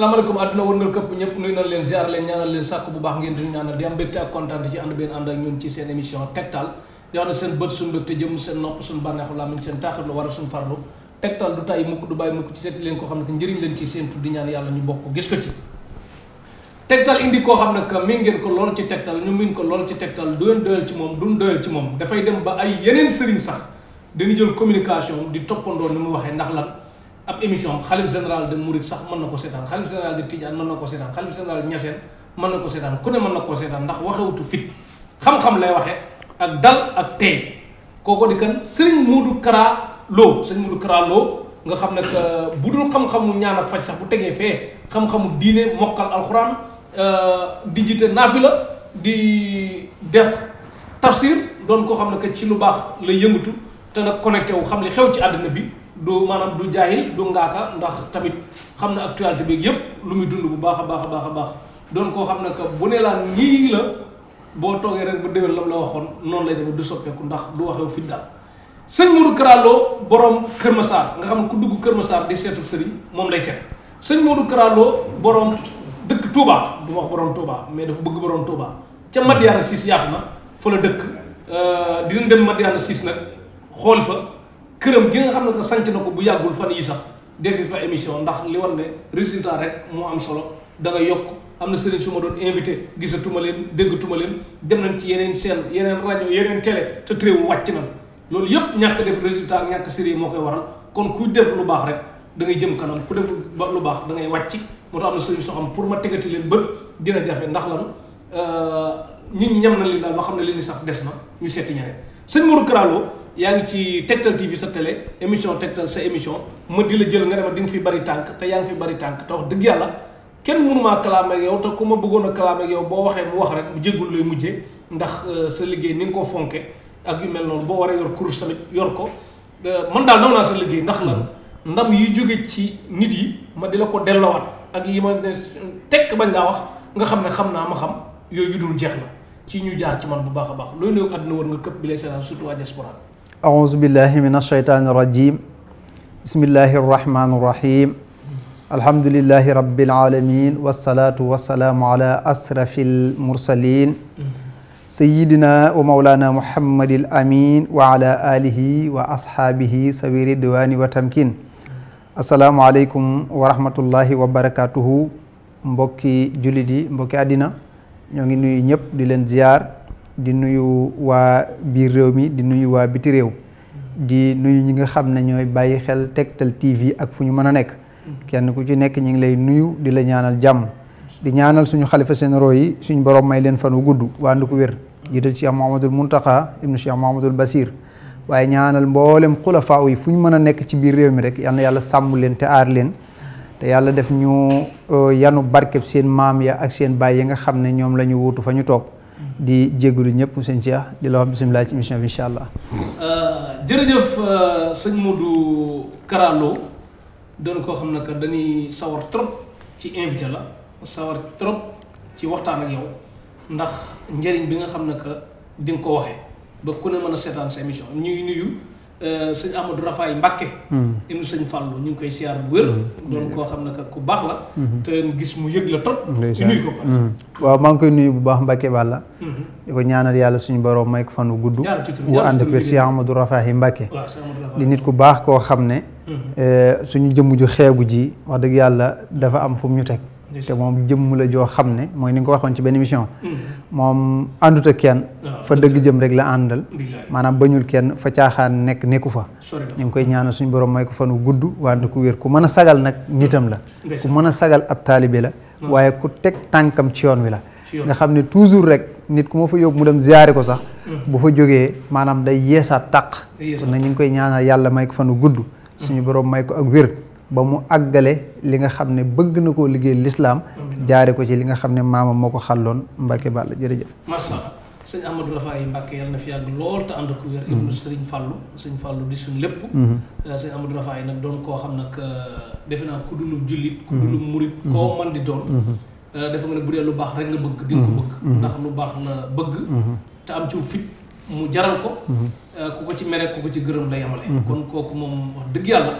salaamaaleykum àdduna wërngal këpp ñëpp nuyu na leen ziar leen ñaanal leen sàkk bu baax ngeen di ñaanal di am bët suñu mbégte jëm seen nopp suñu bànneexu làmmiñ seen taaxirlu war a suñu farlu tegtal du tàyyi mukk du bàyyi mukk ci seeti leen ko xam ne que njëriñ leen ci seen tudd ñaan yàlla ñu bokk gis ko ci tegtal indi koo xam ne que min ngeen ko lool ci tegtal ñu min ko lool ci tegtal du leen doyal ci moom duñ doyal ci moom dafay dem ba ay di toppandoo ni mu waxee ndax lan ab émission xalif général de Mouride sax mën na ko seetaan xalif général de Tidiane mën na ko seetaan xalif général de Niassène mën na ko seetaan ku ne mën na ko seetaan ndax waxewutu fit xam-xam lay waxee ak dal ak tey kooko di mu Serigne Modou Kara Lo Serigne Modou Kara Lo nga xam ne bu dul xam-xamu ñaan faj sax bu tegee fee xam-xamu diine mokkal alxuraan euh, naa fi la di def tafsir doon koo xam ne que ci lu baax la yëngatu te nag connecté wu xam li xew ci àddina bi. du maanaam du jaahil du ngaaka ndax tamit xam na actualité bi yëpp lu muy dund bu baax a baax a baax a baax doon koo xam ne que bu ne laa nii la boo toogee rek bu déwén lam la waxoon noonu lay demee du soppeeku ndax du waxew fi daal sëñ Modou Kara Lo borom Kër Massar nga xam ne ku dugg Kër Massar di seetu sëriñ moom lay set sëñ Modou Kara Lo borom dëkk Touba du wax borom Touba mais dafa bëgg borom Touba ca Madiana Ciss yaatu na fa la dëkk euh, dina dem Madiana Ciss nag xool fa. këram gi nga xam ne que sanc na ko bu yàggul fan yi sax defi fa émission ndax li war ne résultat rek moo am solo da nga yokk am na sëriñ su ma doon invité gisatuma leen déggatuma leen dem nañ ci yeneen chaîne yeneen rajo yeneen télé te tréewu wàcc na loolu yëpp ñàkk def résultat ñàkk série moo koy waral kon ku def lu baax rek da jëm kanam ku def lu baax da ngay wàcc moo tax am na pour ma tegati leen bët dina jafe ndax lan euh, ñun ñam na leen daal ba xam ne leen sax des na ñu seeti ñeneen sëñ Modou yaa ngi ci Tektal TV sa télé émission Tektal sa émission ma di la jël nga ne ma di nga fi bari tànk te yaa ngi fi bari tànk te wax dëgg yàlla kenn mënumaa kalaam ak yow te ku ma bëggoon a kalaam ak yow boo waxee mu wax rek mu jéggul lay mujjee ndax euh, sa liggéey ni nga koo fonke ak yu mel noonu boo waree yor kurus tamit yor ko euh, man daal naw naa sa liggéey ndax lan ndam yi jóge ci nit yi ma di la ko delloowaat ak yi ma ne tekk bañ laa wax nga xam ne xam naa ma xam yooyu yu dul jeex la ci ñu jaar ci man bu baax a baax looy nuyu àdduna war nga këpp bi أعوذ بالله من الشيطان الرجيم بسم الله الرحمن الرحيم الحمد لله رب العالمين والصلاة والسلام على أسرف المرسلين سيدنا ومولانا محمد الأمين وعلى آله وأصحابه سوي الدوان وتمكين السلام عليكم ورحمة الله وبركاته mbokki jullit yi mbokki àddina ñoo ngi nuyu ñëpp di leen ziyaar di nuyu waa biir réew mi di nuyu waa biti réew di nuyu ñi nga xam ne ñooy bàyyi xel Tektal TV ak fu ñu mën a nekk kenn ku ci nekk ñu ngi lay nuyu di la ñaanal jàmm di ñaanal suñu xalifa généraux yi suñu borom may leen fan wu gudd waa ndu ko wér jiital Cheikh Mahamadul Muntaqa ibnu Cheikh Mahamadul basiir waaye ñaanal mboolem xulafaaw yi fu ñu mën a nekk ci biir réew mi rek yal na yàlla sàmm leen te aar leen te yàlla def ñu euh, yanu barkeb seen maam ya ak seen baay yi nga xam ne ñoom la ñu fa ñu toog di jégalu ñëpp sëñ Cheikh di la wax bisimilah ci émission bi incha allah. Euh, jërëjëf euh, sëñ Modou Kara Lo koo xam ne que dañuy sawar trop ci invité la sawar trop ci waxtaan ak yow ndax njëriñ bi nga xam ne que dinga ko waxee ba ku ne mën a seetaan sa émission ñu nuyu. Euh, sëñ Amadou Rafaay Mbacke. Hmm. ibnu sëñ koy siyaar bu hmm. hmm. waaw maa ngi koy nuyu bu baax Mbacke Balla. di ko ñaanal yàlla suñu borom may ko fan wu gudd. wu ànd ak sëñ Amadou Rafaay Mbacke. di nit ku baax koo xam ne. Euh, suñu jëmm ju xeebu ji wax dëgg yàlla dafa am fu mu ñu teg. te moom jëmm la joo xam ne mooy ni ko waxoon ci benn émission hmm. moom àndut ak kenn ah, fa dëgg jëm rek la àndal maanaam bañul kenn fa caaxaan nekk nekku fa ñu ngi koy ñaana suñu borom may ko fanu gudd wante ku wér mën a sagal nag nitam la ku mën a sagal ab taalibe la ah. waaye ku teg tànkam ci yoon wi la nga xam ne toujours rek nit ku ma fa yóbbu mu dem ziyaare ko sax hmm. bu fa jógee maanaam day yeesaat taq kon nag ñu ngi koy ñaana yàlla may ko fanu gudd hmm. suñu borom may ko ak wér ba mu àggale li nga xam ne bëgg na koo liggéey lislaam jaare ko ci li nga xam ne maamam moo ko xàlloon Mbacke Balla jërëjëf. macha allah sëñ Amadou Rafaay Mbacke yàlla na fi yàgg lool te ànd ak wér. Mm-hmm. ibnu mm-hmm. euh, euh, ku dulub jullit. ku mm-hmm. dulub murit koo man di doon. Euh, defe nga ne bu lu baax rek nga bëgg. di ko bëgg. ndax lu baax la bëgg. te am ci fit mu jaral ko. ku ko ci mere ku ko ci gërëm la yamale. kon kooku moom dëgg yàlla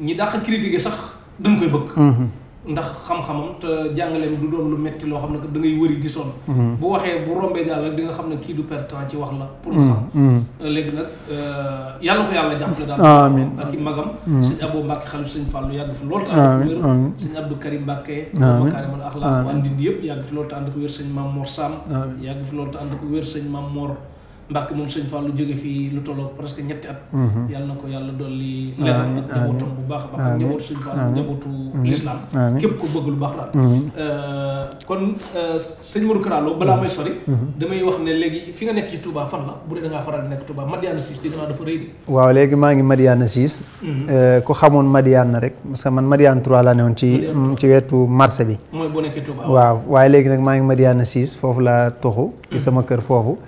ñi a critiquer sax dañ koy bëgg. Mhm. ndax xam-xamam te jàngaleem du doon lu metti loo xam ne ko ngay wëri di sonn. Mhm. bu waxee bu rombee jàll di nga xam ne kii du perte temps ci wax la. pour mhm. nga xam. Euh, léegi nag euh, yàlla ko yàlla daal. amiin ak i magam. sëñ Abou Mbacke xalif sëñ Fallou yàgg fi loolu. amiin amiin sëñ Abdou Karim Mbacke. amiin yëpp yàgg fi loolu te ànd ko wér sëñ Maam yàgg fi loolu te ànd ko wér sëñ Maam Mbàkke moom sëñ Fallou jóge fii lu tolloog presque ñetti at. Mhm. yàlla na ko yàlla dolli. amiin amiin leer ak bu baax a baax. amiin njabootu sëñ Fallou njabootu lislaam. képp ko bëgg lu baax daal. Euh, kon euh, sëñ Modou Kara balaa may sori. Mhm. Mhm. damay wax ne léegi fi nga nekk ci Touba fan la bu dee da faral di nekk Touba Madiana Ciss di dafa rëy de. waaw léegi maa ngi Madiana Ciss. Euh, ku xamoon Madiana rek parce que man Madiana 3 laa newoon ci ci wetu marché bi. waaw waaye léegi nag maa ngi Madiana foofu laa toxu. sama kër foofu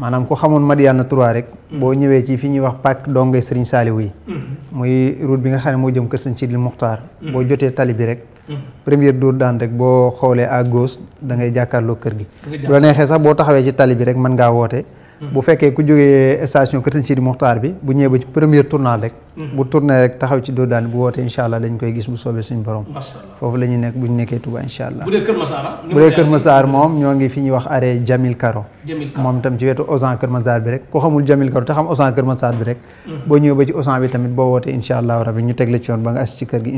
maanaam ku xamoon Madiana 3 rek mm-hmm. boo ñëwee ci fi ñuy wax pàkk donge Serigne Saliou yi mm-hmm. muy route bi nga xam ne moo jëm kër Serigne Sidil Muxtaar mm-hmm. boo jotee tali bi rek première dóor daan rek boo xoolee à gauche da ngay jàkkaarloo kër gi bu la neexee sax boo taxawee ci tali bi rek mën ngaa woote bu fekkee ku jógee station Kër Sidi Muxtaar bi bu ñëwee ba ci première tournant rek. Mhm. bu tourné rek taxaw ci doo daan bu wootee incha allah dañ koy gis bu soobee suñu borom. foofu la ñu nekk bu ñu nekkee Touba incha allah. Ah. bu dee Kër Massar moom ñoo ngi fi ñuy wax arrêt Jamil Karo. moom itam ci wetu Osan Kër Massar bi rek ku xamul Jamil Karo te xam Osan Kër Massar bi rek. Mhm. boo ñëwee ba ci Osan bi tamit boo wootee incha allah rabbi ñu teg la ci yoon ba nga as ci kër mhm.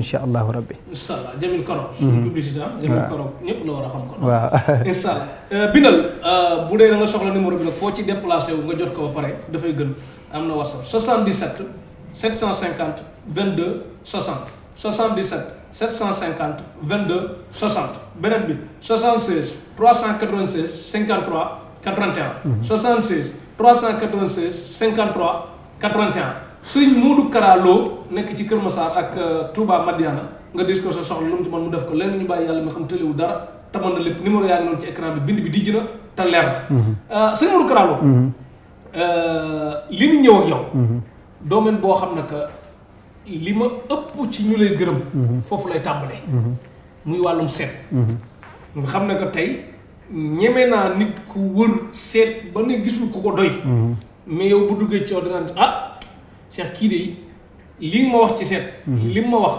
ah. a déplacé wu nga jot ko ba pare dafay gën am na whatsapp 77 750 22 60 77 750 22 60 beneen bi 76 396 53 81. 76 396 53 81 sëñ Moodu Kara Lo nekk ci Kër Massar ak euh, Touba Madiana nga dis ko sa soxla lu mu ci mën mu def ko léegi ñu bàyyi yàlla mi xam tëliwu dara tamal na lépp numéro yaa ngi noonu ci écran bi bind bi dijj na. te leer. Euh, sëñ Modou Kara Lo euh, li ñu ñëw ak yow. boo xam ne que li ma ëpp ci ñu lay gërëm. foofu lay tàmbalee. muy wàllum seet. nga xam na que tey ñeme naa nit ku wër seet ba ne gisul ku ko doy. mais yow bu duggee ci yow ah Cheikh kii de lii ma wax ci set mm-hmm. li ma wax.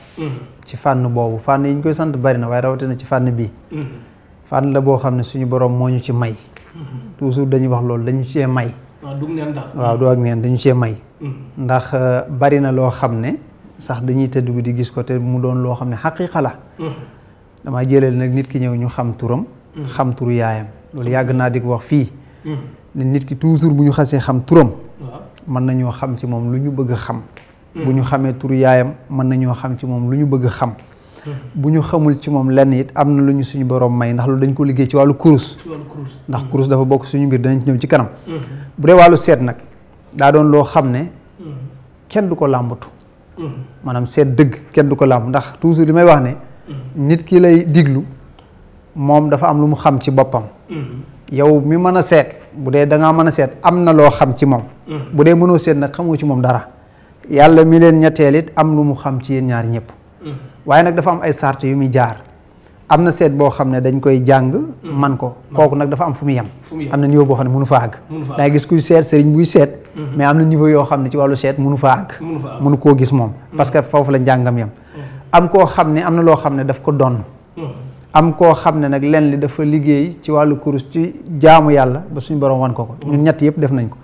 ci fànn boobu fànn yi ñu koy sant bari na waaye rawatina ci fànn bii fànn la boo xam ne suñu borom moo ñu ci may toujours dañuy wax loolu dañu cee may waaw du ak neen dañu mm-hmm. ndax euh, bari na loo xam ne sax dañuy tëdd di gis ko te mu doon loo xam ne xaqiiqa la mm-hmm. damaa jëleel nag nit ki ñëw ñu xam turam mm-hmm. xam turu yaayam loolu yàgg naa di ko wax fii ne nit ki toujours bu ñu xasee xam turam mën nañoo xam ci moom lu ñu bëgg xam bu ñu xamee turu yaayam mën nañoo xam ci moom lu ñu bëgg xam. bu ñu xamul ci moom lenn it am na lu ñu suñu boroom may ndax loolu dañ ko liggéey ci wàllu kurus. ndax kurus dafa bokk suñu mbir danañ ci ñëw ci kanam. Mm-hmm. bu dee wàllu seet nag daa doon loo xam ne. Mm-hmm. kenn du ko làmbatu. Mm-hmm. maanaam seet dëgg kenn du ko làmb ndax toujours li may wax ne. nit ki lay diglu moom dafa am lu mu xam ci boppam. yow mi mën a seet bu dee da ngaa mën a seet am na loo xam ci moom. bu mënoo seet nag xamoo ci moom dara. yàlla mi leen ñetteel it am lu mu xam ci yéen ñaar ñëpp. Mm. waaye nag dafa am ay sart yu muy jaar am na seet boo xam ne dañ koy jàng. Mm. man ko kooku nag dafa am fu muy yem. am na niveau boo xam ne mënu fa àgg. da ngay gis kuy seet sëriñ buy seet. Mm-hmm. mais am na niveau yoo xam ne ci wàllu seet mënu fa àgg. mënu koo gis moom. Mm. parce que foofu la njàngam yem. Mm-hmm. am koo xam ne am na loo xam ne daf ko donn mm-hmm. am koo xam ne nag lenn dafa liggéey ci wàllu kurus ci jaamu yàlla ba suñu borom wan ko ko. ñun ñett yëpp def nañ ko.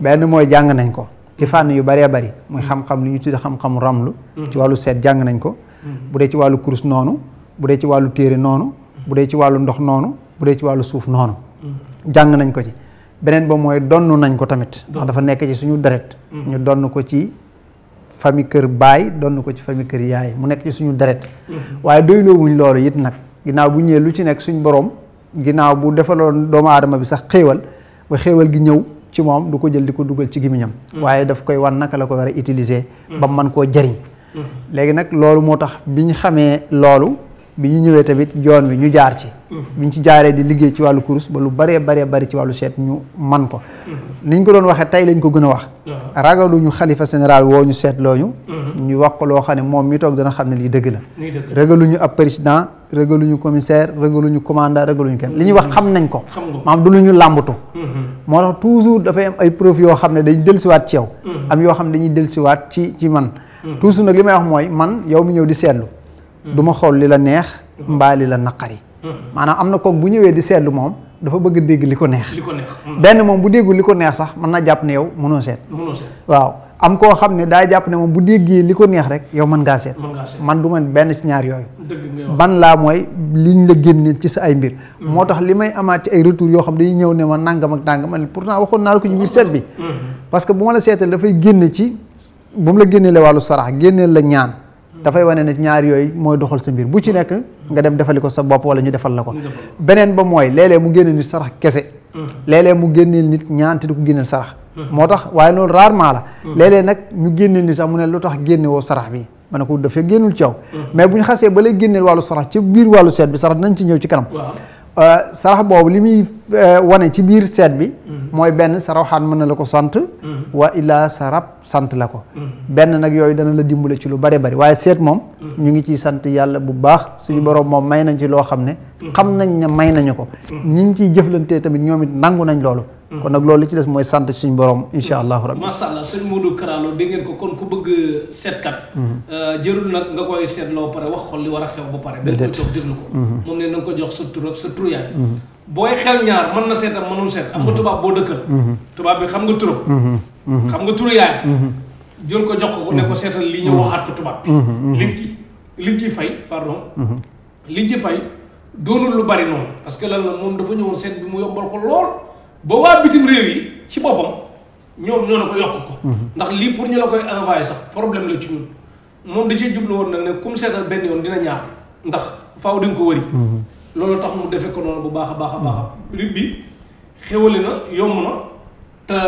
benn mooy jàng nañ ko. ci fànn yu bëree bëri muy xam-xam li ñu tuddee xam-xamu ramlu mhm. ci wàllu seet jàng nañ ko mhm. bu dee ci wàllu kurus noonu bu dee ci wàllu téere noonu bu dee ci wàllu ndox noonu bu dee ci wàllu suuf noonu mhm. jàng nañ ko ci beneen ba mooy donn nañ ko tamit ndax dafa nekk ci suñu deret ñu donn ko ci famille kër baay donn ko ci famille kër yaay mu nekk ci suñu deret waaye doyloowuñ loolu it nag ginnaaw bu ñëwee lu ci nekk suñ borom ginnaaw bu defaloon doomu aadama bi sax xéewal ba gi ñëw ci moom du ko jël di ko dugal ci gémmiñam mm. waaye daf koy wan naka la ko war a utiliser mm. ba man koo jariñ mm. léegi nag loolu moo tax bi ñu xamee loolu bi ñu ñëwee tamit yoon wi ñu jaar ci mm-hmm. bi ñu ci jaaree di liggéey ci wàllu course ba lu baree baree bari ci wàllu seet ñu man ko mm-hmm. ñu ko doon waxee tey lañ ko gën a wax ragaluñu xalifa général woo ñu seet looñu mm-hmm. ñu wax ko loo xam ne moom mi toog dana xam ne lii dëgg la ragaluñu ab président ragaluñu commissaire ragaluñu commandant ragaluñu kenn li ñuy wax xam nañ ko maanaam du lu ñu làmbatu moo tax toujours dafay am ay preuve yoo xam ne dañu dellusiwaat ci yow am yoo xam ne dañuy dellusiwaat ci ci man toujours nag li may wax mooy man yow mi ñëw di seetlu du ma xool li la neex mbaa li la yi maanaam am na kook bu ñëwee di seetlu moom dafa bëgg dégg li ko neex mm. benn moom bu déggul li ko neex sax mën na jàpp ne yow mënoo seet waaw am koo xam ne daa jàpp ne moom bu déggee li ko neex rek yow mën ngaa seet man du ma benn ci ñaar yooyu ban laa mooy liñ la génne ci sa ay mbir mm. moo tax li may amaat ci ay retour yoo xam dañuy ñëw ne ma nàngam ak nàngam pour pourtant waxoon naa la ko ci biir seet bi mm. parce que bu la seetal dafay génne ci bu la génnee la wàllu sarax génneel la ñaan dafay wane ne ñaar yooyu mooy doxal sa mbiir bu ci nekk nga dem defali ko sa bopp wala ñu defal la ko beneen ba mooy léeg-léeg mu génne nit sarax kese mm. léeg mu génneel nit ñaan te du ko sarax mm. moo tax waaye loolu rarement la mm. léeg nag ñu génnee nit sax mu ne lu tax génne woo sarax bi ma ne ko dafay génnul ci yow mais bu ñu xasee ba lay génneel wàllu sarax ci biir wàllu seet bi sarax dinañ ci ñëw ci kanam Euh, sarax boobu li muy euh, wane ci biir seet bi mhm. mooy benn sa rawxaan mën na la ko sant mhm. wa illaa sa sant la ko mhm. benn nag yooyu dana la dimbale ci lu bare bari waaye seet moom ñu ngi ciy sant yàlla bu baax suñu borom moom may nañ ci loo xam ne xam nañ na may nañu ko ñi ngi ciy jëflantee tamit ñoom it nangu nañ loolu Mm. kon nag loolu li ci des mooy sant suñu borom incha mm. allahu rabbi allah sëñ Modou Kara Lo dégg ngeen ko kon ku bëgg seetkat mm. euh, jërul nag nga koy seetloo pare wax xol li war a xew ba pare dañ ko jox déglu ko mm-hmm. moom ne nga ko jox sa tur sa tur yaay mm-hmm. booy xel ñaar mën na seet ak seet am nga mm-hmm. tubaab boo dëkkal bi xam nga turam xam nga tur yaay jël ko jox ko ne ko seetal li ñu waxaat ko tubaab bi liñ ci liñ pardon liñ ci fay doonul lu bari noonu parce que lan la moom dafa ñëwoon seet bi mu yombal ko lool ba waa bitim réew yi ci boppam ñoom ñoo na ko yokk ko. Mhm. ndax lii pour ñu la koy envoyé sax problème la ci ñun moom da cee jublu woon nag ne kum seetal benn yoon dina ñaar ndax faaw di nga ko wëri. Mhm. loolu tax mu defee ko noonu bu baax a baax a baax. prix bi xéwale na yomb na te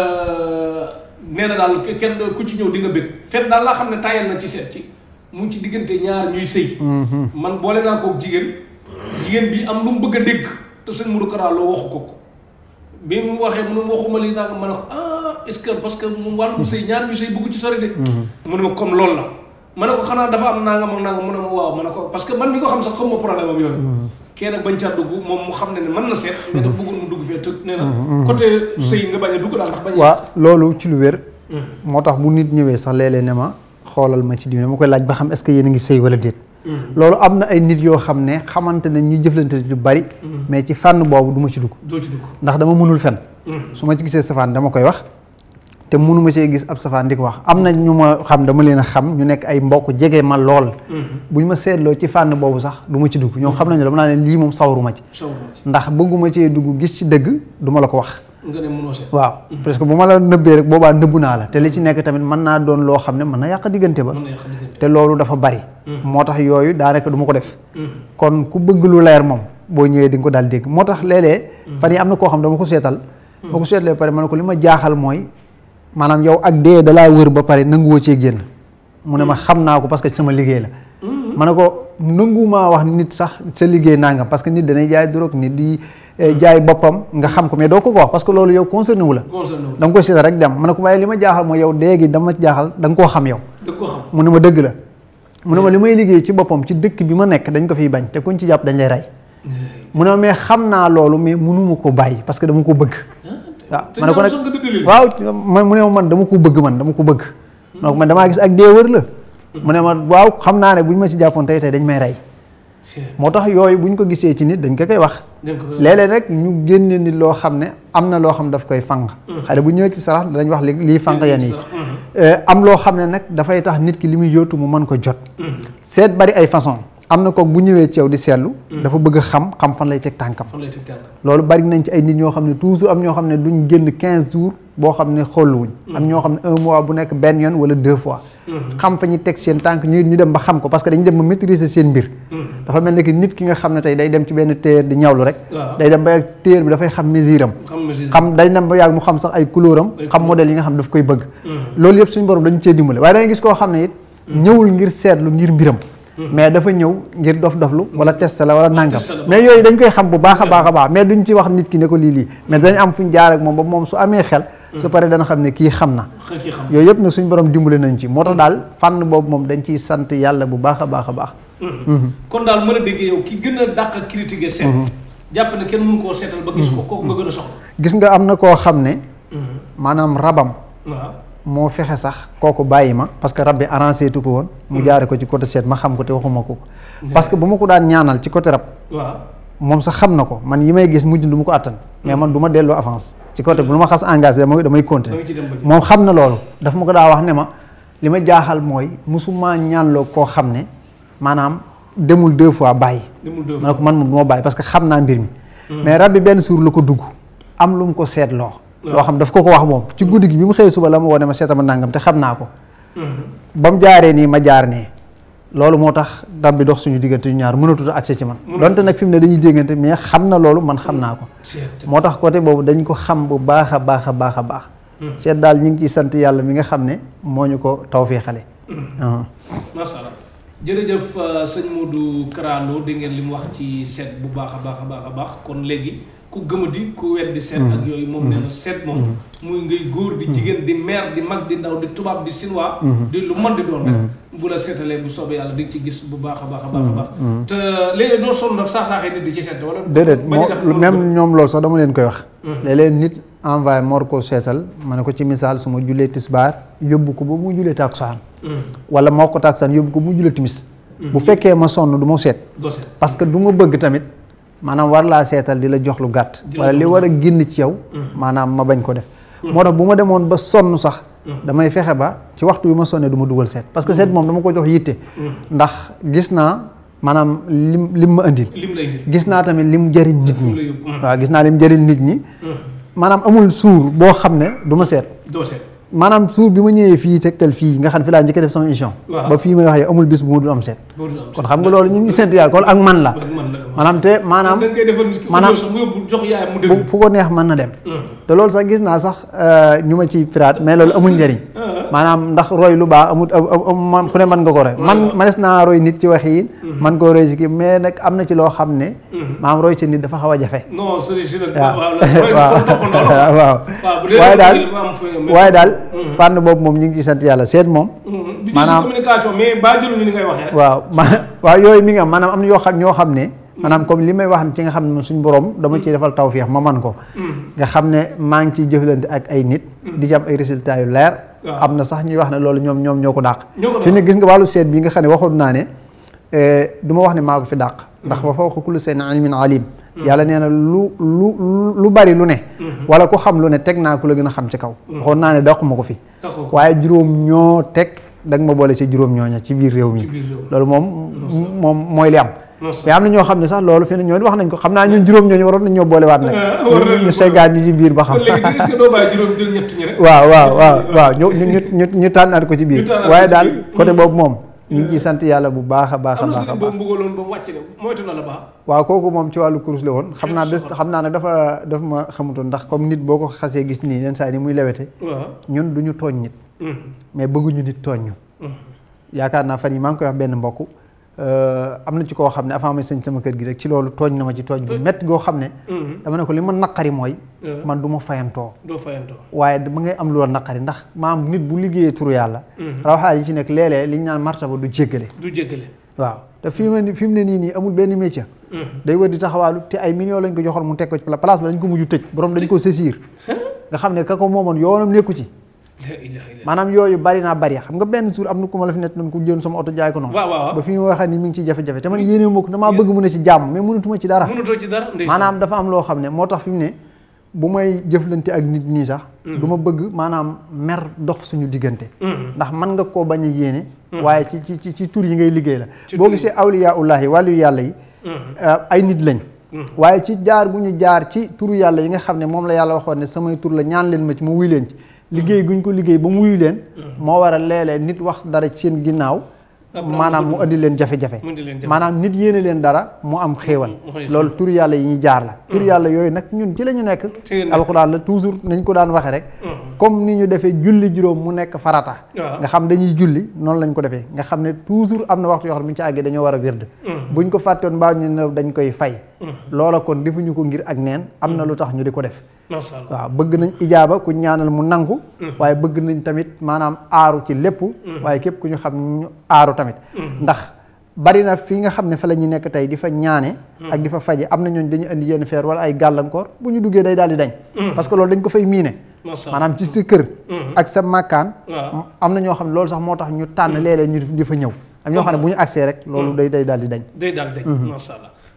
nee na daal kenn ku ci ñëw di nga bëgg fekk daal laa xam ne tayal na ci seet ci mu ci diggante ñaar ñuy sëy. Mhm. man boole naa kook jigéen jigéen bi am lu mu bëgg a dégg te sëñ Modou loo waxu ko ko. bi mu waxee mu ne waxuma naa ko ma ko ah est-ce que parce que moom sëy ñaar ñu sëy bëgg ci sori de. Mm-hmm. mu ne ma comme loolu la. ma ne ko xanaa dafa am nangam ak nangam mu ne ma waaw ma ne ko parce que man mi ko xam sax xam ma mm-hmm. mu xam ne ne mën na seet. mais dafa mm-hmm. bëggoon mu dugg fee te nee na. côté sëy nga bañ a dugg daal ndax bañ a. loolu ci lu wér. moo tax bu nit ñëwee sax léeg-léeg ne ma xoolal ma ci diw ne ma koy laaj ba xam est-ce que a ngi Mm-hmm. loolu am na ay nit yoo xam ne xamante ne ñu jëflante lu bari. Mm-hmm. mais ci fànn boobu duma ci dugg. doo ndax dama mënul fen mm-hmm. su ma ci gisee safaan dama koy wax. te mënu ma see gis ab safaan di wax am na ñu ma xam dama leen a xam ñu nekk ay mbokk jege ma lool. Mm-hmm. bu ñu ma seetloo ci fànn boobu sax du ma ci dugg ñoom xam nañu dama naa leen lii moom sawaruma ci. ndax bëgguma cee dugg gis ci dëgg duma la ko wax. waaw mm-hmm. parce que bu ma la nëbbee rek boobaa nëbbu naa la te li ci nekk tamit mën naa doon loo xam ne mën na yàq diggante ba. te loolu dafa bari. Mm-hmm. moo tax yooyu daanaka du ma ko def. kon ku bëgg lu leer moom boo ñëwee di ko daal dégg moo tax léeg-léeg. fan na koo xam dama ko seetal. boo ko seetalee pare ma ne ko li ma jaaxal mooy maanaam yow ak dee dalaa wër ba pare nanguwoo cee génn mu ne ma mm. xam naa ko parce que sama liggéey la mm. ma ne ko nanguwumaa wax nit sax sa liggéey nangam parce que nit danay jaay drogue nit di eh, mm. jaay boppam nga xam ko mais doo ko ko wax parce que loolu yow concerné wu la da nga ko seet rek dem ma ne ko waaye li ma jaaxal mooy yow dee gi dama jaaxal da koo xam yow mu ne ma dëgg la mu ne ma li may liggéey ci boppam ci dëkk bi ma nekk dañ ko fiy bañ te kuñ ci jàpp dañ lay rey mu ne mais xam naa loolu mais mënuma ko bàyyi parce que dama ko bëgg ah. waaw ah, ma ne ko nag waaw man mu ne ma man dama ko bëgg man dama ko bëgg donc man damaa gis ak dee wër la mu ne ma waaw xam naa ne bu ñu ma si jàppoon tey tey dañ may rey moo tax yooyu bu ñu ko gisee ci nit dañ ko koy wax léeg rek ñu génne nit loo xam ne am na loo xam daf koy fànq mm. xare bu ñëwee ci sarax dañ wax li lii fànq yan yi mm-hmm. eh, am loo xam ne nag dafay tax nit ki li muy yóotu mu mën ko jot mm-hmm. seet bari ay façons am na kook bu ñëwee ceew yow di seetlu. Hmm. dafa bëgg a xam xam fan lay teg tànkam. fan loolu bari nañ ci ay nit ñoo xam ne toujours am ñoo xam ne duñ génn 15 jours boo xam ne xooluwuñ. Hmm. am ñoo xam ne mois bu nekk benn yoon wala deux fois. Hmm. xam fa ñuy teg seen tànk ñu ñu dem ba xam ko parce que dañu dem ba maîtriser seen mbir. dafa mel ni que nit ki xam ne tey day dem ci benn téer di ñawlu rek. day dem ba yàgg téer bi dafay xam mesure am. xam day dem ba yàgg mu xam sax ay couleur am. xam modèle yi nga xam dafa koy bëgg. loolu yëpp suñu borom dañu cee dimbale waaye da gis koo xam ne it ñëwul ngir seetlu ngir mbiram mais dafa ñëw ngir dof-doflu wala test la wala nàngam mais yooyu dañ koy xam bu baax a baax a baax mais duñ ci wax nit ki ne ko lii lii mais dañ am fuñ jaar ak moom ba moom su amee xel su mm. paree dana xam ne kii xam na yooyu yëpp nag suñ borom dimbale nañ ci moo tax daal fànn boobu moom dañ ciy sant yàlla bu baax baax a baax mm-hmm. Mm-hmm. kon daal mën a dégg a dàq a critiquer seet mm-hmm. jàpp ne kenn mënu koo seetal ba gis ko kooku nga gën a soxla gis nga am na koo xam ne maanaam rabam moo fexe sax kooku bàyyi ma parce que rab bi arrangé tu ko woon mu hmm. jaare ko ci côté seet ma xam ko te waxuma ko parce que bu ma ko daan ñaanal ci côté rab moom sax xam na ko man yi may gis mujj du ma ko attan mais hmm. man du ma delloo avance ci côté bu ma xas engagé damay damay continuer moom xam na loolu daf ma ko daa wax ne ma li ma jaaxal mooy ñaan loo koo xam ne maanaam demul deux fois bàyyi ma ne ko man moom du ma bàyyi parce que xam naa mbir mi hmm. mais rab bi benn suur la ko dugg loo xam daf ko ko wax moom ci guddi gi bi mu xëyee suba la ma woo ma seeta ma nàngam te xam naa ko mm-hmm. ba mu jaaree nii ma jaar nee loolu moo tax dab bi dox suñu diggante ñu ñaar mënatut a accès ci man donte nag fi mu ne dañuy déggante mais xam na loolu man xam naa ko moo tax côté boobu dañ ko xam bu baax a baax a baax a baax mm-hmm. seet daal ñu ngi ciy sant yàlla mi nga xam ne moo ñu ko taw fii xale macha mm-hmm. uh-huh. allah jërëjëf uh, sëñ Modou Kara Lo di ngeen li mu wax ci seet bu baax a baax a a baax kon ku gëmadi ku wet di seet mm. ak yooyu moom nee na mm. seet moom mm. muy ngay góor di jigéen di meer di mag di ndaw di tubaab di sinwaa di lu mën di doon rek bu la seetalee bu soobee yàlla di nga ci gis bu baax a baax a baax te léeg doo sonn nag saasaaxee nit di ci seet wala déedéet même ñoom lool sax dama leen koy wax léeg-léeg nit envoyé mor ko seetal ma ne ko ci misaal su ma julee tisbaar yóbbu ko ba mu julee takusaan wala moo ko takusaan yóbbu ko bu maanaam war laa seetal di la jox lu gàtt wala li war a génn ci yow mm-hmm. maanaam ma bañ ko def mm-hmm. moo tax bu ma demoon ba sonn sax mm-hmm. damay fexe ba ci waxtu wi ma sonnee duma dugal seet parce que seet moom dama ko jox yitte ndax gis naa maanaam lim lim ma indil gis naa tamit lim jëriñ nit ñi waaw gis naa lim jëriñ nit ñi maanaam amul suur boo xam ne du ma seet maanaam suur bi ma ñëwee fii tegtal fii nga xam fi laa njëkk def sama émission ba fii may waxee amul bis bu ma dul am seet kon xam nga loolu ñu ngi sant yàlla kon ak man la maanaam te maanaam maanaam fu ko neex mën na dem hmm. te loolu sax gis naa sax euh, ñu ma ci piraat mais loolu amul njëriñ ah. maanaam ndax roy lu baax amul ku ne mën nga ko rek man manes naa roy nit ci wax yi hmm. man koo roy ci kii mais nag am na ci loo xam ne hmm. maam roy ci nit dafa xaw a jafe waaw waaye daal waaye Mm-hmm. fànn boobu moom ñu ngi ci sant yàlla seet moom. Mm-hmm. maanaam communication mais baa jëluñu ni ngay waaw ma waaw yooyu mi nga maanaam am na yoo ñoo xam ne. Mm-hmm. maanaam comme li may wax ci nga xam ne suñu borom dama ciy defal tawféex ma man ko. nga xam ne maa ngi ciy jëflante ak ay nit. di ci am ay résultats yu leer. am na sax ñuy wax ne loolu ñoom ñoom ñoo ko dàq. fi ne gis nga wàllu seet bi nga xam ne waxoon naa ne eh, du ma wax ne maa ko fi dàq. ndax ba fawqa kulli shay'in ilmin alim yàlla nee na lu lu lu bari lu ne mm-hmm. wala ku xam lu ne teg naa ku la gën a xam ci kaw mm-hmm. waxoon naa ne daquma ko fi waaye juróom ñoo teg da ma boole ci juróom ñooña ci biir réew mi loolu moom moom mooy li am mais am na ñoo xam ne sax loolu fi ne ñooñu wax nañ ko xam naa ñun juróom ñooñu waroon nañ ñoo boole waat nag ñu seggaat ñu ci biir ba xam waaw waaw waaw waaw ñu ñu ñu tànnaat ko ci biir waaye daal côté mm-hmm. boobu moom ñu ngi sant yàlla bu baax a baax a baax a baax waaw kooku moom ci wàllu kurus la woon xam naa des xam naa ne dafa daf ma xamutoon ndax comme nit boo ko xasee gis nii yenn saa yi ni muy lewete ñun du ñu tooñ nit mm-hmm. mais bëgguñu nit tooñ mm-hmm. yaakaar naa fan yi maa ngi koy wax benn mbokk Euh, am na ci koo xam ne avant may sëñ sama kër gi rek ci loolu tooñ na ma ci tooñ bu goo xam ne mm-hmm. dama ne ko li ma naqari mooy man du ma fayantoo doo fayantoo waaye ma ngay am lu la naqari ndax maam nit bu liggéeyee turu yàlla mm-hmm. rawaxaal yi ci nekk léeg-léeg li mu ne fi mu ne nii mm-hmm. mu teg ko ci place ba dañ ko mujju tëj borom nga xam ne ka ko moomoon yoonam nekku ci maanaam yooyu bari naa bari xam nga benn jour am na ku ma la fi nett noonu ku jënd sama oto jaay ko noonu ba fi mu waxee ni mi ngi ci jafe-jafe te man yéene ma ko damaa bëgg mu ne ci jàmm mais mënatuma ci dara maanaam dafa am loo xam ne moo tax fi mu ne bu may jëflante ak nit nii sax mm. du ma bëgg maanaam mer dox suñu diggante mm. ndax man nga koo bañ a yéene mm. waaye ci ci ci tur yi ngay liggéey la boo gisee awliyaa ullahi wàllu yàlla yi eh, ay nit lañ waaye ci jaar gu ñu ci turu yàlla yi nga xam ne moom la yàlla waxoon ne samay tur la ñaan leen ma ci ma liggéey guñ ko liggéey ba mu wuyu leen mm-hmm. moo waral léeg-léeg nit wax dara ci seen ginnaaw maanaam mu indi leen jafe-jafe maanaam nit yéene leen dara mu am mm-hmm. xéewal loolu tur yàlla yi ñuy jaar la mm-hmm. tur yàlla yooyu nag ñun ci la ñu nekk alxuraan la toujours nañ ko daan waxe rek comme ni ñu defee julli juróom mu nekk farata nga xam dañuy julli noonu lañ ko defee nga xam ne toujours am na waxtu yoo xam bu ñu ci àggee dañoo war a wérd buñ ko fàttewoon mbaa ñu ne dañ koy fay loola kon ñu ko ngir ak neen am na lu tax ñu di ko def waaw bëgg nañ ijaaba ku ñaanal mu nangu mm. waaye bëgg nañ tamit maanaam aaru ci lépp mm. waaye képp ku ñu xam ñu aaru tamit mm. ndax bari na fii nga xam ne fa la ñu nekk tey di fa ñaane ak di fa faje am na dañu indi yenn feer wala ay gàllankoor bu ñu duggee day di dañ parce que loolu dañ ko fay miine maanaam ci sa kër sa makkaan am na ñoo xam ne loolu sax moo tax ñu tànn léeg-léeg ñu di fa ñëw ak ñoo xam ne bu ñu agsee rek loolu day day daal di dañ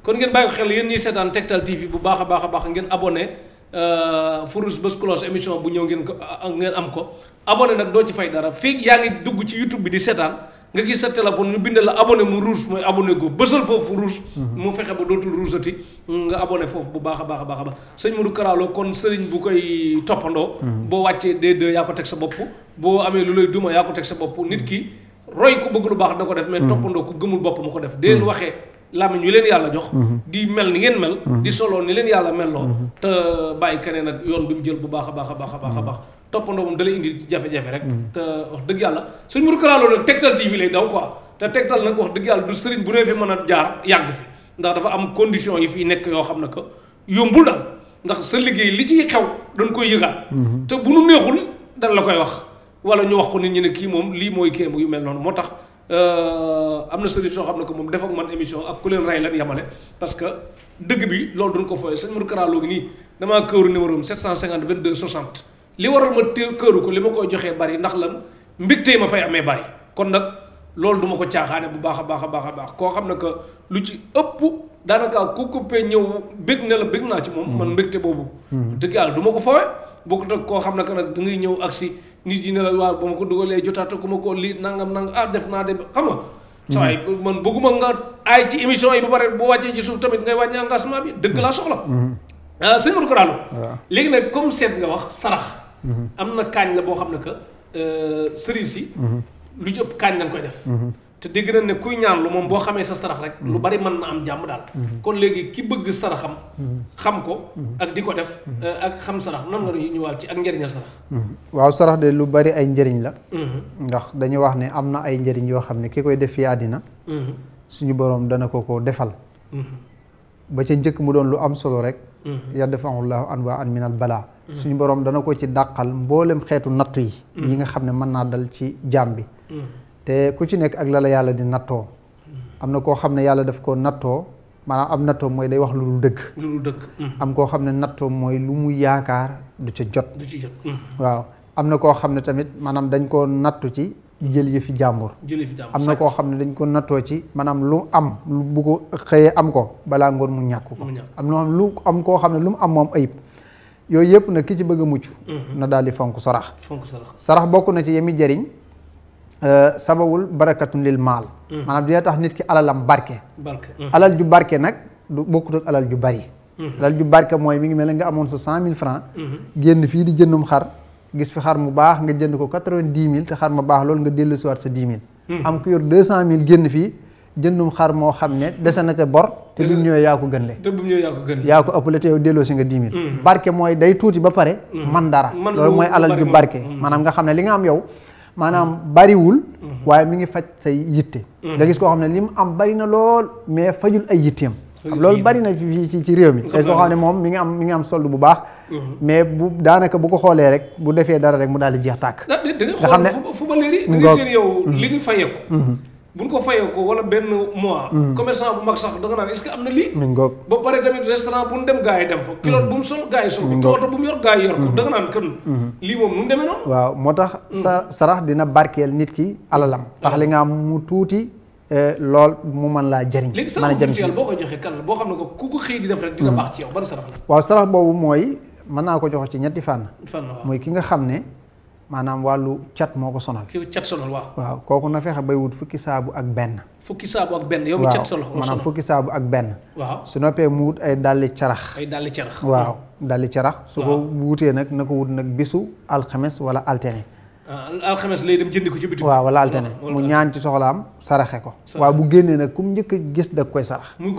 kon ngeen bàyyi ko xel yéen ñuy seetaan Tektal TV bu baax a baax a baax ngeen abonné euh, furus bés close émission bu ñëw ngeen ko ngeen am ko abonné nag doo ci fay dara fii yaa ngi dugg ci YouTube bi di seetaan nga gis sa téléphone nu bindal la abonné mu rouge mooy abonné gu bësal foofu rouge. Mhm. mu fexe ba dootul rougeati nga abone foofu bu baax a baax a baax a baax sëñ Modou Kara kon sëriñ bu koy toppandoo. Mhm. boo wàccee D2 yaa ko teg sa bopp boo amee lu lay duma yaa ko teg sa bopp nit ki roy ku bëgg lu baax da ko def. mais mhm. toppandoo ku gëmul bopp mu ko def. dee waxee. làmmiñ wi leen yàlla jox. Mhm. di mel ni ngeen mel. Mhm. di soloo ni leen yàlla mel melloo. Mhm. te bàyyi keneen ak yoon bi mu jël bu baax a baax a baax a baax. toppandoo moom da lay indi jafe-jafe rek. te wax dëgg yàlla suñ Mourou Kara Lo nag Tektal TV lay daw quoi te Tektal nag wax dëgg yàlla du sëriñ bu ne fi mën a jaar yàgg fi ndax dafa am condition yi fi nekk yoo xam ne ko yombul daal ndax sa liggéey li ci xew dañ koy yëgaat. te bu nu neexul dañ la koy wax wala ñu wax ko nit ñi ne kii moom lii mooy kéem yu mel noonu moo tax Euh, am na soo xam na ko moom def man émission ak ku leen rey lan yamale parce que dëgg bi loolu duñ ko fooye sëñ Modou Kara Lo gi nii damaa këru numéro am 750 22 60 li waral ma té këru ko li ma koy joxee bari ndax lan mbégte ma fay amee bari kon nag loolu du ma ko caaxaane bu baax a baax a baax a baax koo xam ne que lu ci ëpp daanaka ku coupé ñëw bëgg ne la bég naa ci moom mm. man mbégte boobu mm. dëgg yàlla du ma ko fooye bokkut koo xam ne que nag da ngay ñëw ak si nit ñi ne la waaw ba ma ko dugalee jotaata ku ma ko lii nangam nangam ah def naa de xam nga. saa mm-hmm. man bëgguma nga aay ci émission yi ba pare boo wàccee ci suuf tamit ngay wàññi engagement bi mm-hmm. dëgg laa soxla. Mm-hmm. ah sëñ Modou Kara Lo. léegi nag comme seet nga wax sarax. am na kaañ la boo xam ne que euh, sëriñ si. lu jëpp ëpp kaañ lañ koy def. te dégg nañ ne kuy ñaan lu moom boo xamee sa sarax rek lu mm-hmm. bari mën na am jàmm daal mm-hmm. kon léegi ki bëgg saraxam mm-hmm. xam ko ak di ko def euh, ak xam sarax nan nga ñu ñëwaal ci waaw sarax lu bari ay njëriñ la ndax dañu wax ne am na ay njariñ yoo xam ne ki koy def fi àddina suñu boroom dana ko ko defal ba ca njëkk mu doon lu am solo rek yadfa'ullaahu anwaa'an minal balaa suñu boroom dana ko ci dàqal mboolem xeetu nattu yi yi nga xam ne mën naa dal ci jaam bi te ku ci nekk ak la yàlla di nattoo hmm. am na koo xam ne yàlla def koo nattoo maanaam am nattoo mooy day wax lu dul dëgg. lu hmm. am koo xam ne nattoo mooy lu mu yaakaar du ca jot. du ci hmm. waaw am na koo xam ne tamit maanaam dañ koo nattu ci. jël yëfi jàmbur. jël am na koo xam ne dañ ko nattoo ci maanaam lu am lu bu ko xëyee am ko balaa ngoon mu ñàkk ko. am na lu koo xam ne lu mu am moom ayib. yooyu yëpp nag ki ci bëgg a mucc. na daal di fonk sarax. fonk bokk na ci yemi jariñ Euh, sababul barakatun lil maal. Hmm. maanaam dina tax nit ki alalam barke. Hmm. alal ju barke nag du bokkut ak alal ju bari. Hmm. alal ju barke mooy mi ngi mel ne nga amoon sa cent mille francs. génn fii di jëndum xar. gis fi xar mu baax nga jënd ko quatre-vingt-dix mille te xar mu baax loolu nga dellu si waat sa dix mille. am ku yor deux cent mille génn fii. jëndum xar moo xam ne dese na ca bor te bu ñëwee yaa ko gën le yaa ko gën le te yow delloo si nga dix mille barke mooy day tuuti ba pare man dara loolu mooy alal ju barke maanaam nga xam ne li nga am yow maanaam bariwul. waaye mi ngi faj say yitte. nga gis koo xam ne li mu am bari na lool mais fajul ay yitteem. loolu bari na fii ci ci réew mi. xam koo xam ne moom mi ngi am mi ngi am solde bu baax. Mhm. mais bu daanaka bu ko xoolee rek bu defee dara rek mu daal di jeex tàkk. nga xam ne da mhm. nga bu ñu ko fayoo ko wala benn mois. Hmm. commerçant bu mag sax da naan est-ce am na lii. ngoog ba pare tamit restaurant bu ñu dem gaa dem fa. kilote hmm. bu mu sol gaa yi bu mu yor gaa yor ko hmm. da naan kan. lii moom nu mu noonu. waaw moo tax. sa sarax dina barkeel nit ki alalam. tax li nga am mu tuuti. Eh, lool mu mën laa jëriñ. mën a jëriñ boo ko joxee kan la boo xam ne ko ku ko xëy di def rek. dina baax ci yow ban sarax la. waaw sarax boobu mooy mën naa ko jox ci ñetti fànn. ki nga xam ne maanaam wàllu cat moo ko sonal. kii cat sonal waaw. waaw kooku na fexe bay wut fukki saabu ak benn. fukki saabu ak benn yow waaw maanaam fukki saabu ak benn. waaw su noppee mu wut ay dàlli carax. ay dàlli carax. waaw dàlli carax. su ko wutee nag na ko wut nag bisu alxemes wala altine. Ah, waaw wala altine mu ñaan ci soxlaam saraxe ko. waaw bu génnee nag ku mu njëkk a gis da koy sarax. muy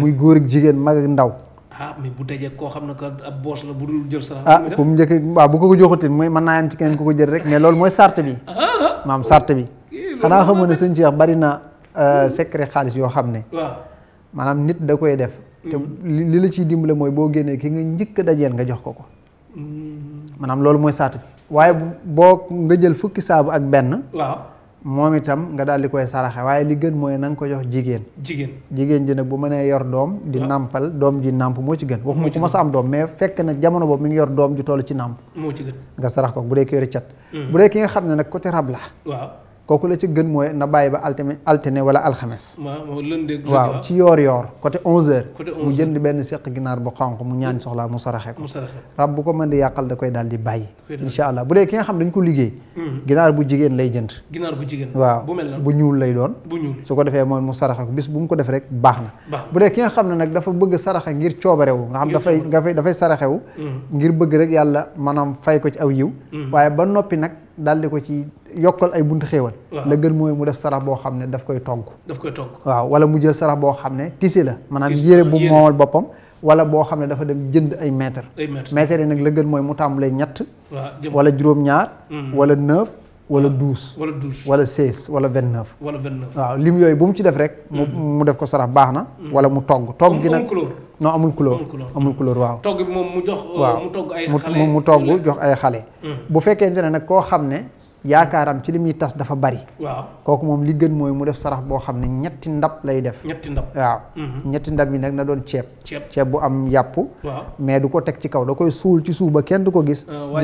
muy góor ak jigéen mag ak ndaw. ah bu dajee koo xam ne que ab boos la bu dul jël salaam. ah bu mu njëkk waaw bu ko ko joxutin mooy man naa am ci keneen ku ko jël rek mais loolu mooy sart bi. Ah, ah, ah. maam sart bi. xanaa xamoon ne sëñ Cheikh bari na euh, secret xaalis yoo xam ne. waaw maanaam nit da koy def. te mm. li la ciy dimbale mooy boo génnee ki nga njëkk a dajeel nga jox ko ko. Mm. maanaam loolu mooy sart bi waaye boo nga jël fukki saabu ak benn. moom itam nga daal di koy saraxe waaye li gën mooy na nga ko jox jigéen jigéen jigéen ji nag bu mënee yor doom di ah. nàmpal doom ji nàmp moo ci gën waxuma ku ma sa am doom mais fekk na jamono boobu mi ngi yor doom ju toll ci nàmp moo ci gën nga sarax ko bu dee ki yori cat hmm. bu dee ki nga xam ne nag côté rab la kooku la ci gën mooy na bàyyi ba altine altine wala alxames waaw ci yoor yoor côté onze heures mu jënd benn seq ginaar bu xonq mu ñaan soxlaa mu saraxe ko rab bu ko mën di yàqal da koy daal di bàyyi insha allah bu dee ki nga xam dañ ko liggéey hmm. ginaar bu jigéen lay jënd ginaar bu bu ñuul lay doon bu ko defee moom mu saraxe ko bu ko def rek baax na bu dee ki nga xam ne nag dafa bëgg saraxe ngir coobarewu nga xam dafay nga fay dafay saraxewu hmm. ngir bëgg rek yàlla maanaam fay ko ci aw yiw hmm. waaye ba noppi nag daal di ko ci yokkal ay buntu xéewal la gën mooy mu def sarax boo xam ne daf koy togg daf koy togg waaw wala mu jël sarax boo xam ne tisi la maanaam yére bu moomal boppam wala boo xam ne dafa dem jënd ay mètre mètre yi nag la gën mooy mu tàmbalee ñett wala juróom-ñaar hmm. wala neuf wala douze wala douze wala seize wala vingt neuf wala vingt neuf waaw lim yooyu bu mu ci def rek mu hmm. mu def ko sarax baax na hmm. wala mu togg togg gi nag non amul couleur amul couleur waaw togg bi moom mu waaw mu togg ay xale mu togg jox ay xale bu fekkente ne koo xam ne yaakaaram ci li muy tas dafa bari. waaw kooku moom li gën mooy mu def sarax boo xam ne ñetti ndab lay def. ñetti ndab waaw. Mhm. ñetti ndab yi nag na doon ceeb. ceeb ceeb bu am yàpp. mais du ko teg ci kaw da koy suul ci suuf ba kenn du ko gis. Ah,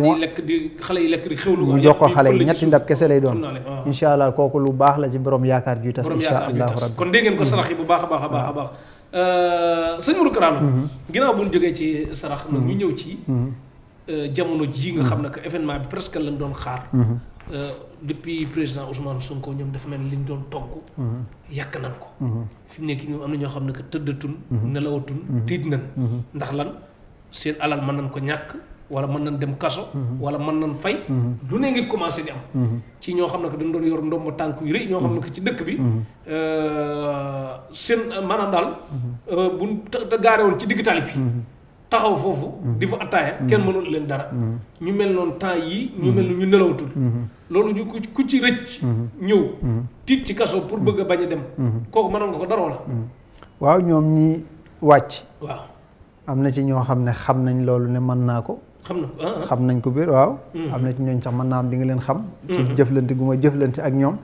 mu jox ko xale yi ñetti ndab kese lay doon. incha allah kooku lu baax la ci borom yaakaar juy tas. incha allahu rabbi kon mm-hmm. baax a baax a baax a baax. Mm-hmm. Euh, sëñ Modou mm-hmm. ginnaaw bu ñu jógee ci sarax. ñu ñëw ci euh, jamono ji nga xam ne que événement bi presque lañ doon xaar Euh, depuis président Ousmane Sonko ñoom dafa mel ni li doon togg. Mhm. yàq nañ ko. Mhm. fi mu nekk ñoom am na ñoo xam ne que tëddatun. Mhm. nelawatun tiit nañ. ndax lan seen alal mën nañ ko ñàkk wala mën nañ dem kaso. wala mën nañ fay. lu ne ngi commencé di am. ci ñoo xam ne ko dañ doon yor ndomb tànk yu rëy ñoo xam ne ko ci dëkk bi. Euh, seen euh, maanaam daal. bu gaare woon ci digg tali taxaw foofu. Mhm. di fa attaaya mhm. kenn mënul leen dara. Mhm. ñu mel noonu temps yii. ñu mel ni ñu nelawatul. loolu ñu ku ku ci rëcc. ñëw tiit ci kaso pour bëgg a bañ a dem. kooku mënoon nga ko daroo la. waaw ñoom ñi wàcc. waaw am na ci ñoo xam ne xam nañ loolu ne mën naa ko. xam na ah, ah. xam nañ ko biir waaw. am na ci ñooñ mën naa am di nga leen xam. ci ma jëflante ak ñoom.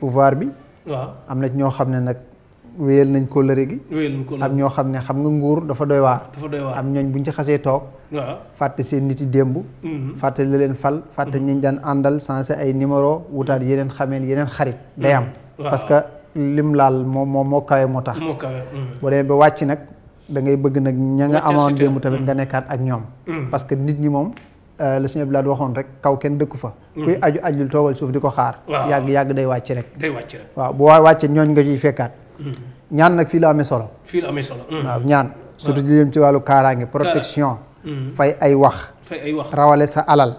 waaw am na ci ñoo xam ne nag. wéyal nañ kóllëre gi am ñoo xam ne xam nga nguur dafa doy waar am ñooñ buñ ci xasee toog fàtte seen nit yi démb mm-hmm. fàtte la leen fal fàtte mm-hmm. ñuñ daan àndal sensé ay numéro wutaat yeneen xameel yeneen xarit mm-hmm. day am parce lim laal moom moo kawe moo tax boo demee ba wàcc nag da ngay bëgg nag ña nga amoon démb tamit nga nekkaat ak ñoom parce que nit ñi moom euh, la suñu bilaad waxoon rek kaw kenn dëkku fa kuy aju ajul toogal suuf di ko xaar yàgg yàgg day wàcc Mm-hmm. ñaan nag fii la amee solo. fii la amee mm-hmm. waaw ñaan surtout li jëm ci wàllu kaaraange protection. Mm-hmm. fay ay wax. fay ay rawale sa alal.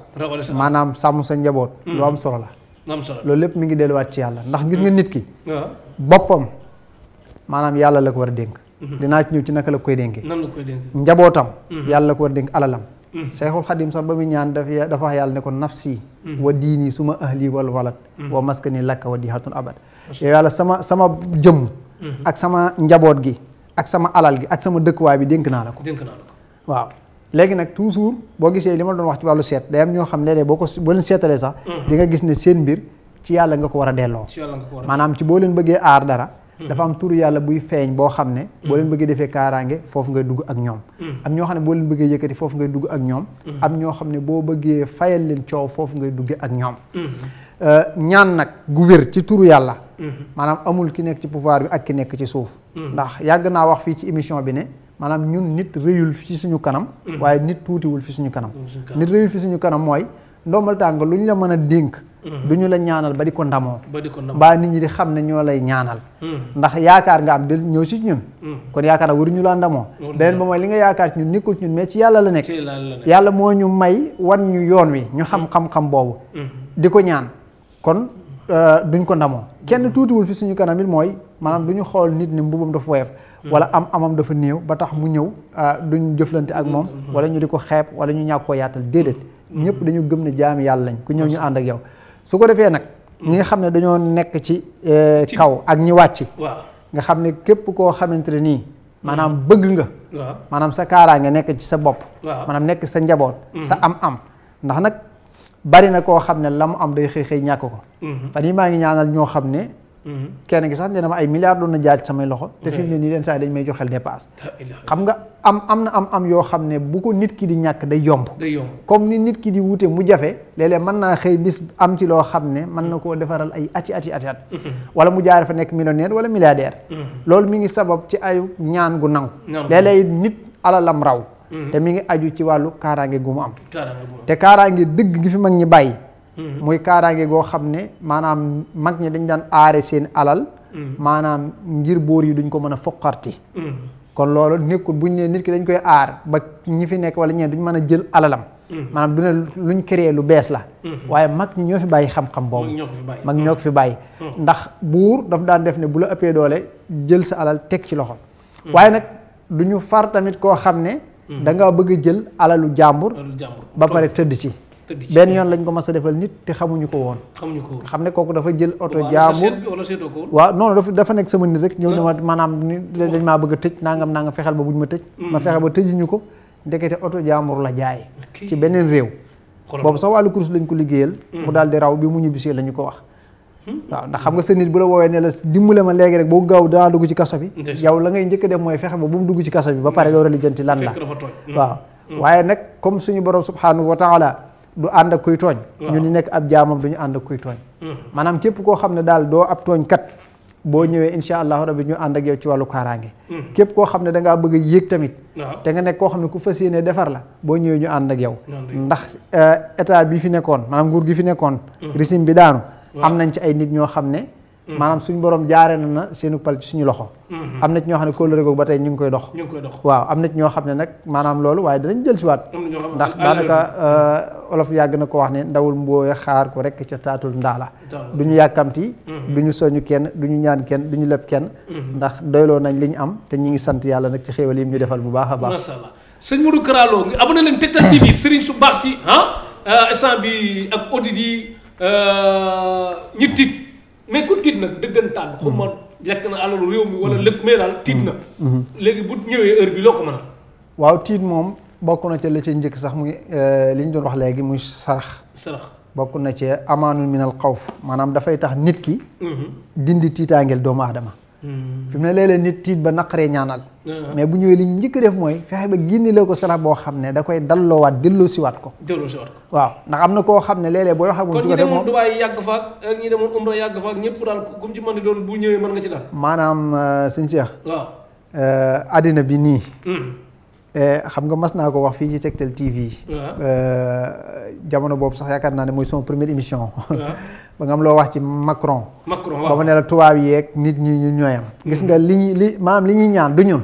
maanaam sàmm sa njaboot. lu am solo la. lu am solo loolu lépp mu ngi delluwaat ci yàlla ndax gis nga nit ki. boppam maanaam yàlla la ko war a dénk. dinaa ci ñëw ci naka la koy dénkee. nan la koy dénkee njabootam. yàlla la ko war a dénk alalam. Seexul Xadim sax ba muy ñaan dafa yàlla ne ko nafsi wa diini suma ahli wal walad. wa maskani lakka wa dihatun abad. yàlla sama sama jëmm. Mm-hmm. ak sama njaboot gi ak sama alal gi ak sama dëkkuwaay bi dénk naa la ko. dénk naa waaw. léegi nag toujours boo gisee li ma doon wax ci wàllu seet day am ñoo xam léeg-léeg boo ko boo leen seetalee sax. Mm-hmm. di nga gis ne seen mbir ci yàlla nga ko war a delloo. maanaam ci boo leen bëggee aar dara. Mm-hmm. dafa am turu yàlla buy feeñ boo xam ne. boo leen bëggee defee kaaraange foofu ngay dugg ak ñoom. am ñoo xam ne boo leen bëggee yëkkati foofu ngay dugg ak ñoom. am ñoo xam ne boo bëggee fayal leen coow foofu ngay duggee ak ñoom. Euh, ñaan nag gu wér ci turu yàlla. maanaam amul ki nekk ci pouvoir bi ak ki nekk ci suuf ndax yàgg naa wax fii ci émission bi ne maanaam ñun nit réyul fi suñu kanam waaye nit tuutiwul fi suñu kanam nit réyul fi suñu kanam mooy ndombal tàng lu ñu la mën a dénk mm-hmm. du ñu la ñaanal ba di ko ndamoo mbaa nit ñi di xam ne ñoo lay ñaanal mm-hmm. ndax yaakaar nga am del ñëw si ñun mm-hmm. kon yaakaar na ñu laa ndamoo beneen ba mooy li nga yaakaar ci ñun nekkul ci ñun mais ci yàlla la nekk yàlla moo ñu may ñu yoon wi ñu xam xam-xam boobu di ko ñaan kon euh, duñ ko ndamoo kenn tuutiwul fi suñu kanamit mooy maanaam du ñu xool nit ni mbubam dafa woyof wala am amam dafa néew ba tax mu ñëw ah, duñ jëflante ak moom mm-hmm. wala ñu di ko xeeb wala ñu ñàkk koo yaatal déedéet mm-hmm. ñëpp dañu gëm ne jaami yàlla lañ ku ñëw ñu ànd ak yow su ko defee nag ñi nga xam ne dañoo nekk ci eh, kaw ak ñi wàcc nga xam ne képp koo xamante ne nii maanaam bëgg nga maanaam sa nga nekk ci sa bopp maanaam nekk sa njaboot sa am mm-hmm. am ndax nag bari na koo xam ne la mu am day xëy xëy ñàkk ko. Mhm. fan yii maa ngi ñaanal ñoo xam ne. Mhm. kenn gi sax nee na ay milliards doon na jaaj samay loxo. te fi ne nii leen saa dañ may joxel dépasse. xam nga am am na am am yoo xam ne bu ko nit ki di ñàkk day yomb. day yomb comme ni nit ki di wute mu jafe. léeg mën naa xëy bis am ci loo xam ne mën na koo defaral ay ati ati ati at. Mhm. wala mu jaar fa nekk millionnaire wala milliardaire. loolu mi ngi sabab ci ay ñaan gu nangu. léeg-léeg nit alalam raw. te mi ngi aju ci wàllu kaaraange gu mu am te kaaraange dëgg gi fi mag ñi bàyyi mm-hmm. muy kaaraange goo xam ne maanaam mag ñi dañ daan aare seen alal mm-hmm. maanaam ngir bóor yi duñ ko mën a foqarti mm-hmm. kon loolu nekkul bu ñu nee nit ki dañ koy aar ba ñi fi nekk wala ñeen duñ mën a jël alalam maanaam du ne luñ créé lu bees la waaye mag ñi ñoo fi bàyyi xam-xam boobu mag ñoo ko fi bàyyi ndax buur daf daan def ne bu la ëppee doole jël sa alal teg ci loxo waaye nag du far tamit koo xam ne Mm. da ngaa bëgg a jël alalu jàmbur. ba pare tëdd ci. benn yoon lañ ko ma a defal nit te xamuñu ko woon. xamuñu ko xam ne kooku dafa jël oto jàmbur waaw noonu dafa dafa nekk sama nit rek ñëw ne ma maanaam ni dañ maa bëgg a tëj nangam nangam fexeel ba buñ ma tëj. Mm. ma fexe ba tëjuñu ko ndekete oto jàmbur la jaay. ci beneen réew. boobu sax wàllu course lañ ko liggéeyal. Mm. mu daal di raw bi mu ñibbisee la ñu ko wax. waaw ndax xam nga sa nit bu la woowee ne la dimbale ma léegi rek boo gaaw danaa dugg ci kaso bi yow la ngay njëkk dem mooy fexe ba bu mu dugg ci kaso bi ba pare door a lijjanti lan la mm. waaw mm. waaye nag comme suñu borom subhanahu wa taala du ànd ak kuy tooñ ñun nekk ab jaamam du ñu ànd ak kuy tooñ mm. maanaam koo xam ne daal doo ab tooñ kat boo ñëwee insha allahu rabi ñu ànd ak yow ci wàllu kaaraange képp koo xam ne dangaa bëgg a yéeg tamit te nga nekk koo xam ne ku fas yéene defar la boo ñëwee ñu ànd ak yow ndax euh, état bi fi nekkoon maanaam nguur fi nekkoon régime bi daanu am nañ ci ay nit ñoo xam ne mm. maanaam suñu borom jaare na na seenu pal ci suñu loxo mm-hmm. am na ci ñoo xam ne kóllëre googu ba ñu ngi koy dox waaw am na ñoo xam ne nag maanaam loolu waaye danañ jël si waat ndax daanaka euh, olof yàgg na ko wax ne ndawul mbooy xaar ko rek ca taatul ndaala du ñu yàkkamti mm-hmm. du ñu soñu kenn du ñu ñaan kenn du ñu leb kenn mm-hmm. ndax doyloo nañ li ñu am te ñi ngi sant yàlla nag ci xéewal yi ñu defal bu baax a baax masha Allah sëñ Modou Kara Euh, ñi tiit mais ku tiit nag dëggantaan. Mm-hmm. xuma lekk na alalu réew mi wala mm-hmm. lëkk mais daal tiit na. Mm-hmm. léegi bu ñëwee heure bi loo ko mën waaw tiit moom bokk na ca la ca njëkk sax muy euh, li ñu doon wax léegi muy sarax. sarax bokk na ci amaanul minal xawf maanaam dafay tax nit ki. dindi tiitaangeel doomu aadama. Mm. fi mu ne léeg-léeg nit tiit ba naqaree ñaanal ah. mais bu ñëwee li ñu njëkk def mooy fexe ba génni la ko sarax boo xam ne da koy dalloowaat delloo siwaat ko delloo siwaat ko waaw ndax am na koo xam ne léeg-léeg boo xam moom ci ko def yàgg fa ak ñi Umra yàgg fa ak ñëpp daal comme ci mën di doon bu ñëwee mën nga ci daal maanaam euh, sëñ Cheikh waaw addina euh, bi nii mm. xam nga mas naa ko wax fii ci Tektal TV. Euh, jamono boobu sax yaakaar naa ne mooy sama première émission. ba nga am loo wax ci Macron. Macron ba ma ne tubaab yeeg nit ñi ñu ñooyam. Mm-hmm. gis nga li ñuy li maanaam li ñuy ñaan du ñun.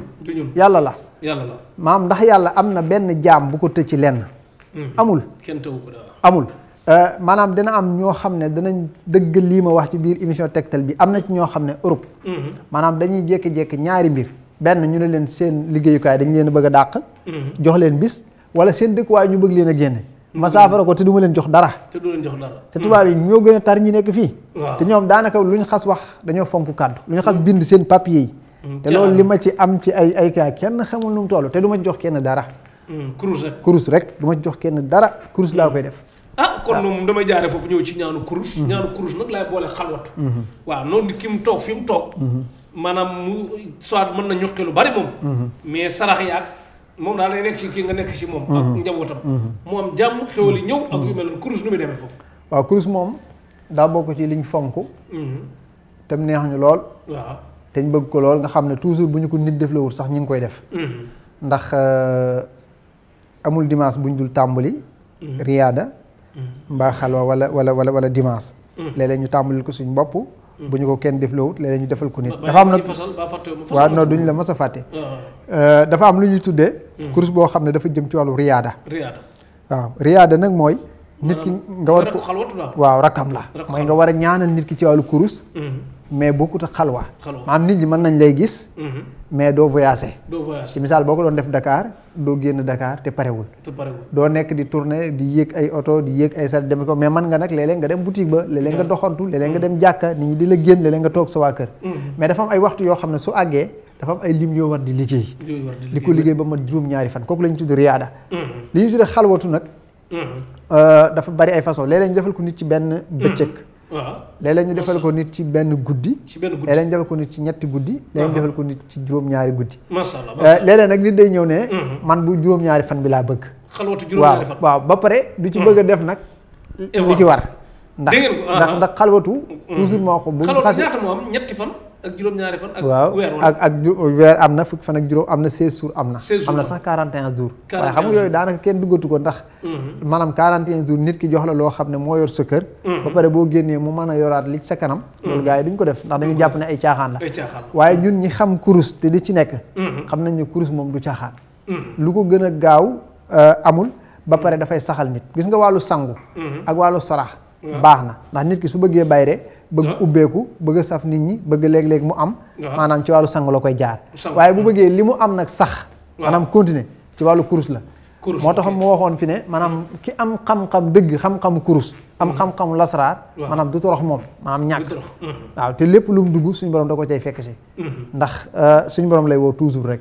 yàlla la. yàlla ndax yàlla am na benn jaam bu ko tëj ci lenn. Mm-hmm. amul kenn tawu ko amul. Euh, maanaam dina am ñoo xam ne danañ dëgg lii ma wax ci biir émission Tektal bi am na ci ñoo xam ne Europe. Mm-hmm. maanaam dañuy jékki-jékki ñaari mbir. benn ñu ne leen seen liggéeyukaay dañu leen a bëgg a dàq mhm. jox leen bis wala seen dëkkuwaay ñu bëgg leen a génne mhm. ma saafara ko te du leen jox dara te du jox dara te tubaab yi ñoo gën a tar ñi nekk fii te ñoom daanaka lu ñu xas wax dañoo fonk kàddu lu ñu xas mhm. bind seen papier yi te loolu li ma ci am ci ay ay kenn xamul nu mu toll te du ma jox kenn dara kurus rek kurus rek du ma jox kenn dara kurus laa koy def ah kon moom damay jaare foofu ñëw ci ñaanu kurus ñaanu kurus nag waaw noonu ki mu fi mu toog maanaam mu soit mën na ñuqi lu bari moom. Mhm. mais sarax yaag moom daal lay nekk ci kii nga nekk ci moom. ak mhm. njabootam. Mhm. mu am jàmm xéwal ñëw ak yu mel noonu kurus fonk. te mu neex ñu lool. te ñu ko lool nga xam ne toujours bu ko nit def la wut sax ñu ngi koy def. ndax euh, amul dimanche bu ñu dul tàmbali. riyaada. mbaa xalwa wala wala wala wala dimanche. ñu tàmbalil ko suñ bopp. bu ñu ko kenn defloowut léeg-léeg ñu defal ko nit dafa am nag waaw non duñ la mës a fàtte ah, ah. Euh, dafa am lu ñuy tuddee hmm. course boo xam ne dafa jëm ci wàllu riyaada waaw riyaada nag mooy nit ki nga war ko waaw rakkam la mooy nga war a ñaanal nit ki ci wàllu course hmm. mais boo bokkut ak xalwa. xalwa maanaam nit ñi mën nañ lay gis. Mhm. mais doo voyager. doo voyager ci misaal boo ko doon def dakaar doo génn dakaar te parewul. te doo nekk di tourner di yéeg ay oto di yéeg ay sa dem ko mais mën nga nag léeg nga dem boutique ba. léeg-léeg nga doxantu léeg nga mm. dem jàkka nit ñi di la génn léeg nga toog sa waa kër. Mm-hmm. mais dafa am ay waxtu yoo xam ne su àggee. dafa am ay lim yoo war di liggéey. di ko liggéey ba mat juróom-ñaari fan kooku la ñu tudd riyaada. Mm-hmm. li ñu tudd xalwatu nag. Mm-hmm. Euh, dafa bari ay façon defal ko nit ci benn bëccëg waaw léeg-léeg ñu defal ko nit ci benn guddi. ci benn guddi léeg-léeg defal ko nit ci ñetti guddi. léeg-léeg defal ko nit ci juróom-ñaari guddi. macha euh, allah léeg-léeg nag nit day ñëw ne. Mhm. man bu juróom-ñaari fan bi laa bëgg. xalwatu juróom-ñaari waaw ba pare. du ci bëgg a mhm. def nag. li ci war. ndax ndax ndax xalwatu. Mhm. toujours moo ko bu ñu xasee ñetti fan. waaw ak ak weer am na fukki fan ak juróom am na 16 jours am na. 16 jours am na sax 41 jours. 41 jours waaye xam nga yooyu daanaka kenn duggatu ko ndax. Mhm. maanaam 41 jours nit ki jox la loo xam ne moo yor sa kër. Mhm. ba pare boo génnee mu mën a yoraat li sa kanam. Mhm. loolu gars yi duñ ko def ndax dañu jàpp ne ay caaxaan la. ay waaye ñun ñi xam kurus te di ci nekk. xam nañ ne kurus moom du caaxaan. lu ko gën a gaaw euh, amul ba pare dafay saxal nit gis nga wàllu sangu. ak wàllu sarax. baax na ndax nit ki su bëggee bayre bëgg ah. ubbeeku bëgg a saf nit ñi bëgg léeg-léeg mu am ah. maanaam ci wàllu sang la koy jaar waaye bu ah. bëggee li mu am nag sax maanaam continuer ci wàllu kurus la moo tax mu waxoon fi ne maanaam ki am xam-xam dëgg xam-xamu kurus am xam-xamu lasraar maanaam du torox moom maanaam ñàkk waaw te lépp lu dugg suñu borom da ko cay fekk si mm-hmm. ndax euh, suñu borom lay woo toujours rek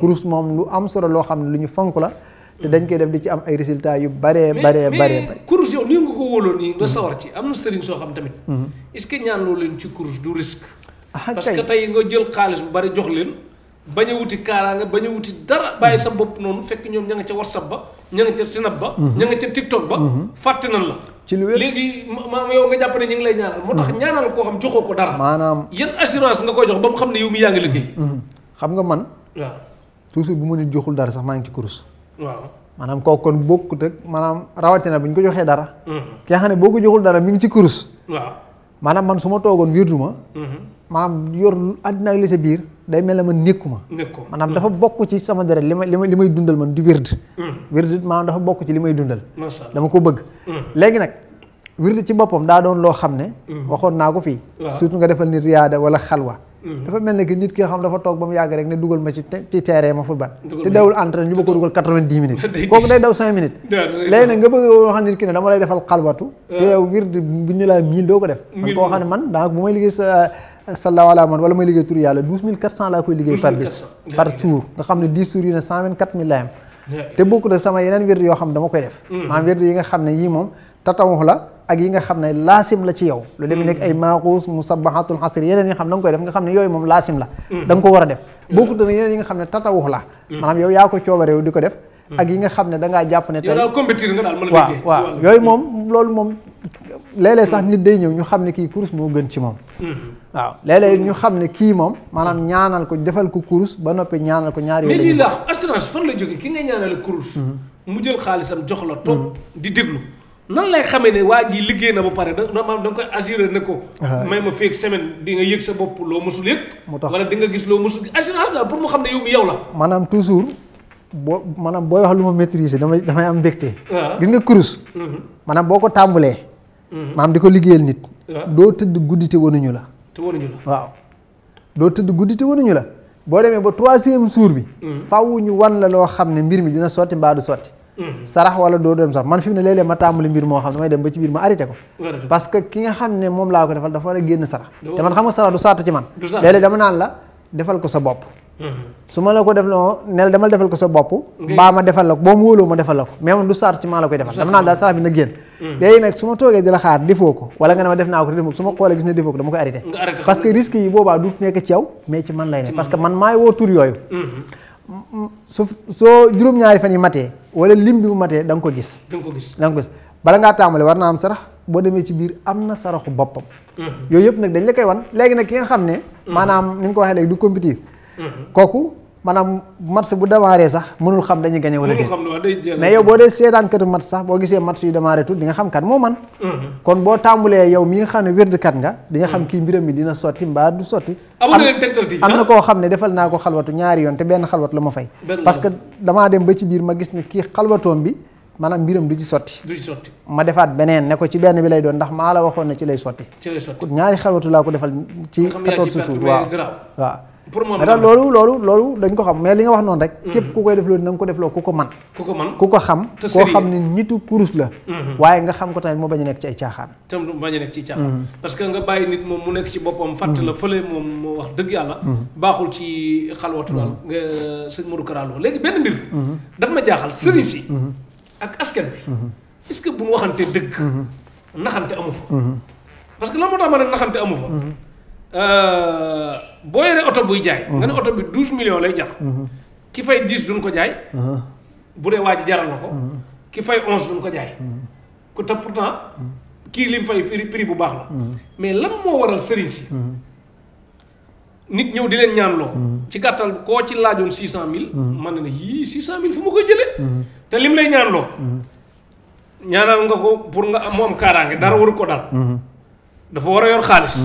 kurus moom lu am solo loo xam ne lu ñu fonk la te dañ koy def di ci am ay résultat yu baree baree bare mais course yow nii nga ko wóoloon nii nga sawar ci am na sëriñ soo xam tamit mhm. est-ce que ñaan loo leen ci course du risque ah, parce que tey nga jël xaalis bu bari jox leen bañ a wuti kaaraanga bañ a wuti dara bàyyi sa bopp noonu fekk ñoom ña nga ca whatsapp ba ña nga ca sinap ba mhm. nga ca tiktok ba mhm. fàtte nan la ci lu wér léegi maam yow nga jàpp ne ñu ngi lay ñaanal moo tax ñaanal koo xam joxoo ko dara maanaam yan assurance nga koy jox ba mu xam ne yow mi yaa ngi liggéey xam nga man waaw bu ma nit joxul dara sax maa ngi ci course waaw maanaam kooku kon bokkut ak maanaam rawatina bi ñu ko joxee dara. Mm-hmm. ki nga xam ne boo ko joxul dara mi ngi ci kurus. waaw maanaam man su ma toogoon wirdu ma. Mm-hmm. maanaam yor àddina ak li sa biir day mel ne man nekku ma. maanaam dafa mm-hmm. bokk ci sama deret li may li may dundal man di wird. wird maanaam dafa bokk ci li may dundal. dama ko bëgg. léegi nag wird ci boppam daa doon loo xam ne. waxoon naa ko fii. surtout nga defal nit riyaada wala xalwa. Mm-hmm. dafa mel ni que nit ki nga xam dafa toog ba mu yàgg rek ne dugal ma ci ci terrain ma football te dawul entraîne ñu bëgg ko dugal quatre-vingt-dix minutes kooku day daw cinq minutes léegi nag nga bëgg yoo nit ki ne dama lay defal xalwatu ah. te yow ngir ñu laa mille doo ko def man koo xam ne man daanaka koy liggéey par bis par jour nga xam ne dix jours yu ne cent vingt-quatre mille la am te bokk sama yeneen wérd yoo xam ne mm. yii moom tatawux la ak yi nga xam ne laasim la ci yow lu demee hmm. nekk ay maaxuus musabahatul xasr yeneen yi nga xam da nga koy def nga xam ne yooyu moom laasim la hmm. da nga ko war a def hmm. bokkut na yeneen yi nga xam ne tatawux la maanaam yaa ko coobareew di ko def ak yi nga xam ne da ngaa jàpp ne tey a waaw waaw yooyu moom loolu moom léeg sax nit day ñëw ñu xam ne kii kurus moo gën ci moom waaw léeg ñu xam ne kii moom maanaam ñaanal ko defal ko kurus ba noppi ñaanal ko ñaar yooyu la assurance fan la jógee ki nga ñaanal kurus mu jël xaalisam jox la toog di déglu nan lay xamee ne waa jii liggéey na ba pare da da nga koy assuré ne ko. Ah. may ma feeg semaine di nga yëg sa bopp loo mosul yëg. mu tax wala di nga gis loo mosul assurance la yow mi maanaam toujours boo maanaam booy wax lu ma maîtriser damay damay am mbégte. Ah. gis nga kurus. Mhm. maanaam boo ko tàmbalee. Mhm. maanaam di ko liggéeyal nit. Ah. doo tëdd guddi te wanuñu la. te wanuñu la waaw. doo tëdd guddi te wanuñu la. boo demee ba trois mu jour bi. Mhm. faaw ñu la loo xam ne mbir mi dina sotti mbaa du sotti. Mm-hmm. sarax wala doo dem sarax man fi mu ne léeg ma tàmbali mbir moo xam ne dem ba ci biir ma arrêté ko parce ki nga xam ne moom laa ko defal dafa war a génn sarax te man xam nga sarax du sart ci man léeg dama naan la defal ko sa bopp mm-hmm. su ma la ko def sa bopp mbaa ma defal la ko boo mu wóoloo mm-hmm. su ma toogee gis ne defoo ko dama koy arrêté parce que yi boobaa du nekk ci yow mais ci man lay ne parce man maay woo tur yooyu su soo juróom-ñaari fan yi matee wala lim bi mu matee da ko gis. da gis da nga bala ngaa tàmbale war naa am sarax boo demee ci biir am na saraxu boppam. Mm-hmm. yooyu yëpp nag dañ la koy wan léegi nag ki nga xam ne. Mm-hmm. maanaam ni nga ko waxee léegi du compétir. Mm-hmm. kooku. maanaam match bu démarré sax mënul xam dañuy gagné wala déet mais yow boo dee seetaan katu match sax boo gisee match yu démarré tout di nga xam kat moo man mhm. kon boo tàmbulee yow mi nga xam ne wérd kat nga di nga xam kii mbiram mi dina sotti mbaa du sotti am na ah? koo xam ne defal naa ko xalwatu ñaari yoon te benn xalwat la ma fay parce que damaa dem ba ci biir ma gis ne kii xalwatoom bi maanaam mbiram du ci sotti du ma defaat beneen ne ko ci benn bi lay doon ndax maa la waxoon ne ci lay sotti ñaari xalwatu laa ko defal ci quatorze jours waaw pour moom la loolu loolu loolu dañ ko xam mais li nga wax noonu rek. Mm-hmm. képp ku koy def loolu na nga ko defloo ku ko man ku ko man ku ko xam. koo xam ne nitu kurus la. Mm-hmm. waaye nga xam ko tamit mu bañ a nekk ci ay caaxaan. tam mu bañ a nekk ci caaxaan. Mm-hmm. parce que nga la fële moom moo wax dëgg yàlla. baaxul ci xalwatu daal nga euh, sëñ Modou Kara Lo léegi benn mbir. daf ma jaaxal sëriñ si. ak askan bi. est-ce que bu ñu waxante dëgg. naxante amu fa. parce que la moo tax ma ne naxante amu fa. Euh, boo yoree oto buy jaay. nga ne mhm. oto bi douze millions lay jar. Mhm. ki fay dix duñ ko jaay. Mhm. bu dee waa jaral na ko. ki fay onze duñ ko jaay. ku te pourtant kii lim fay prix bu baax la. mais lan moo waral sëriñ si. nit ñëw di leen ñaanloo. ci gàttal koo ci laajoon six cent mille. man na ne yii six cent mille fu ma koy jëlee. te lim lay ñaanloo. ñaanal nga ko pour nga mu am kaaraange dara waru ko dal. dafa war a yor xaalis.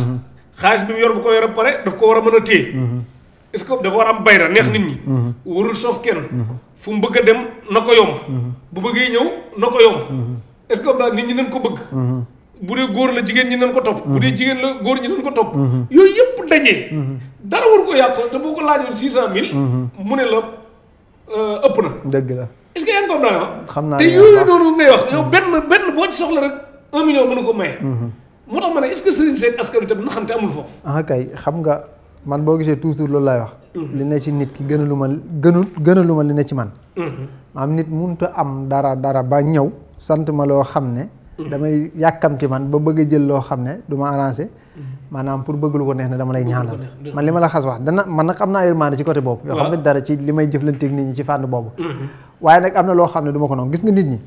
xaalis bi mu yor bu ko yor a pare daf ko war a mën a téye. Mhm. est-ce que dafa war a am bayra neex nit ñi. Mhm. warul soof kenn. Mhm. fu mu bëgg a dem na ko yomb. bu bëggee ñëw na ko yomb. est-ce daal nit ñi nañ ko bëgg. bu dee góor la jigéen ñi nañ ko topp. bu dee jigéen la góor ñi nañ ko topp. yooyu yëpp dajee. dara war ko yàqal te boo ko laajoon six cent mille. mu ne la euh, ëpp na. dëgg la est-ce que yaa xam naa te yooyu noonu ngay wax yow benn benn boo ci soxla rek un million a ko maye. moo tax ma ne est-ce seet askan wi na xam te amul foofu. Ah, nga man boo gisee toujours loolu laay wax. Mm-hmm. li ne ci nit ki gënaluma gënul gënaluma li ne ci man. Mm-hmm. nit mënut a am dara dara ba ñëw sant ma loo xam ne. Mm-hmm. damay yàkkamti man ba bëgg a jël loo xam ne du ma arrangé. maanaam pour bëgg lu ko neex ne dama lay ñaanal. man li ma la xas wax dana man nag am naa yërmande ci côté boobu. yoo xam ne dara ci li may jëflanteeg nit ñi ci fànn boobu. waaye nag am na loo xam ne du ko noonu gis nga nit ñi.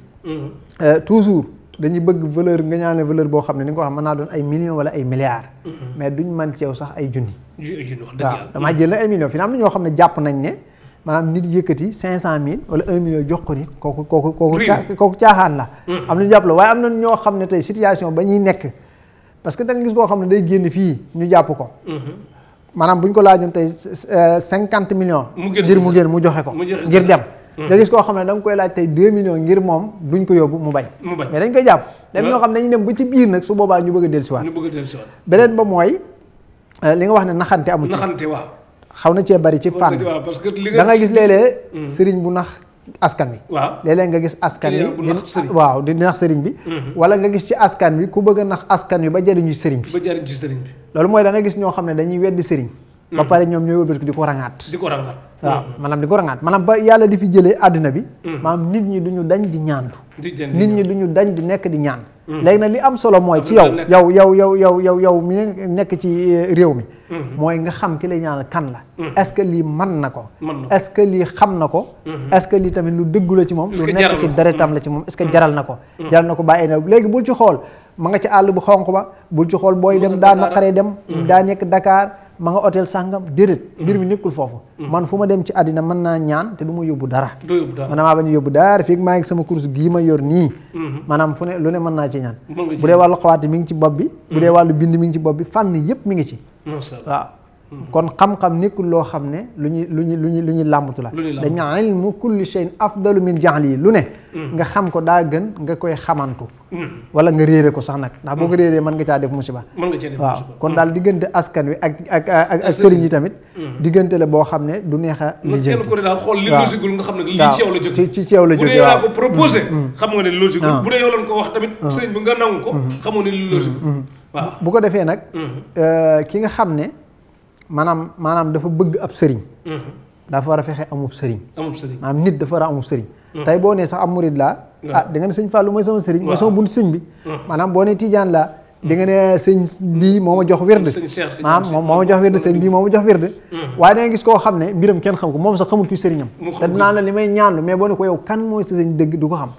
Euh, toujours. dañuy bëgg valeur nga ñaane valeur boo xam ne ni nga ko xam mën naa doon ay millions wala ay milliards. Mm-hmm. mais duñ man ci sax ay junni. waaw damaa jël na ay fi na ñoo xam ne jàpp nañ ne maanaam nit yëkkati cinq cent mille wala un million jox ko nit kooku kooku kooku kooku caaxaan la mm-hmm. am nañu jàpp la waaye am na ñoo xam ne tey situation ba ñuy nekk parce que dañ gis koo xam ne day génn fii ñu jàpp ko mm-hmm. maanaam bu ñu ko laajoon tey euh, cinquante million ngir mu génn mu joxe ko ngir dem Mm-hmm. nga gis koo xam ne danga koy laaj tey 2 millions ngir moom duñ ko yóbbu mu bañ mais dañ koy jàpp dem ñoo xam ne dañu dem ba ci biir nag su boobaa ñu bëgg a dellusiwaat beneen ba mooy euh, li nga wax ne naxante amu ci xaw na cee bari ci fànn da nga gis léeg-léeg mm-hmm. sëriñ bu nax askan bi waaw léeg nga gis askan bi waaw di nax sëriñ bi mm-hmm. wala nga gis ci askan bi ku bëgg a nax askan bi ba jariñu sëriñ bi loolu mooy da nga gis ñoo xam ne dañuy weddi sëriñ ba mm. pare ñoom ñooy wëlbatiku di ko rangaat di ko rangaat waaw mm. maanaam di ko rangaat maanaam yàlla di fi jëlee àddina bi maanaam mm. nit ñi duñu dañ di ñaanlu nit ñi duñu dañ di nekk di ñaan léegi nag li am solo mooy ci yow yow yow yow yow yow yow mi nekk ci eh, réew mi mooy nga xam ki lay ñaanal kan la est-ce que lii man na ko est-ce que lii xam na ko mm-hmm. est-ce que lii tamit lu dëggu la ci moom lu nekk ci deretam moom est que jaral na ko jaral na ko bàyyi na léegi bul ci xool ma nga ci àll bu xonq ba bul ci xool booy dem daa naqaree dem daa nekk Dakar ma nga hôtel sàngam déedéet mm-hmm. mbir mi nekkul foofu mm-hmm. man fu ma dem ci àddina man naa ñaan te du ma yóbbu dara a maa bañ a yóbbu dara fii maa ngi sama course gii ma yor nii mm-hmm. maanaam fu ne lu ne mën naa ci ñaan bu dee wàllu xawaati mi ngi ci bopp bi bu dee wàllu bind mi ngi ci bopp bi fànn yëpp mi ngi ci waaw kon xam-xam nekkul loo xam ne lu ñuy lu ñuy lu ñuy lu ñuy làmbatu la dañu ilmu kulli shay'in afdalu min jaxli yi lu ne mm. nga xam ko daa gën nga koy xamantu mm. wala nga réere ko sax nag mm. ndax boo ko réeree mën nga caa def musiba waaw kon daal diggante askan wi ak ak ak sëriñ yi la boo xam ne du neex a li jënd ko daal xool la jóge ci ci yow la jóge dee yaa ko proposé ah. ah. mm-hmm. mm-hmm. ko defee nag mm-hmm. euh, ki nga xam ne maanaam maanaam dafa bëgg ab sëriñ. Mhm. dafa war a fexe amub sëriñ. amub sëriñ maanaam nit dafa war a amub sëriñ. Mhm. tey boo ne sax am murid laa. ah da nga ne sëñ Fallou mooy sama sëriñ. mooy sama buntu sëñ bi. Mhm. maanaam boo nee Tidiane laa. di nga ne sëñ moo ma jox wird. maanaam moom moo jox wird sëñ bii moo ma jox wird. waaye da gis koo xam ne mbiram kenn xam ko moom sax xamul kuy sëriñam. te dinaa la li may ñaanlu mais boo ne ko yow kan mooy sa sëñ dëgg du ko xam.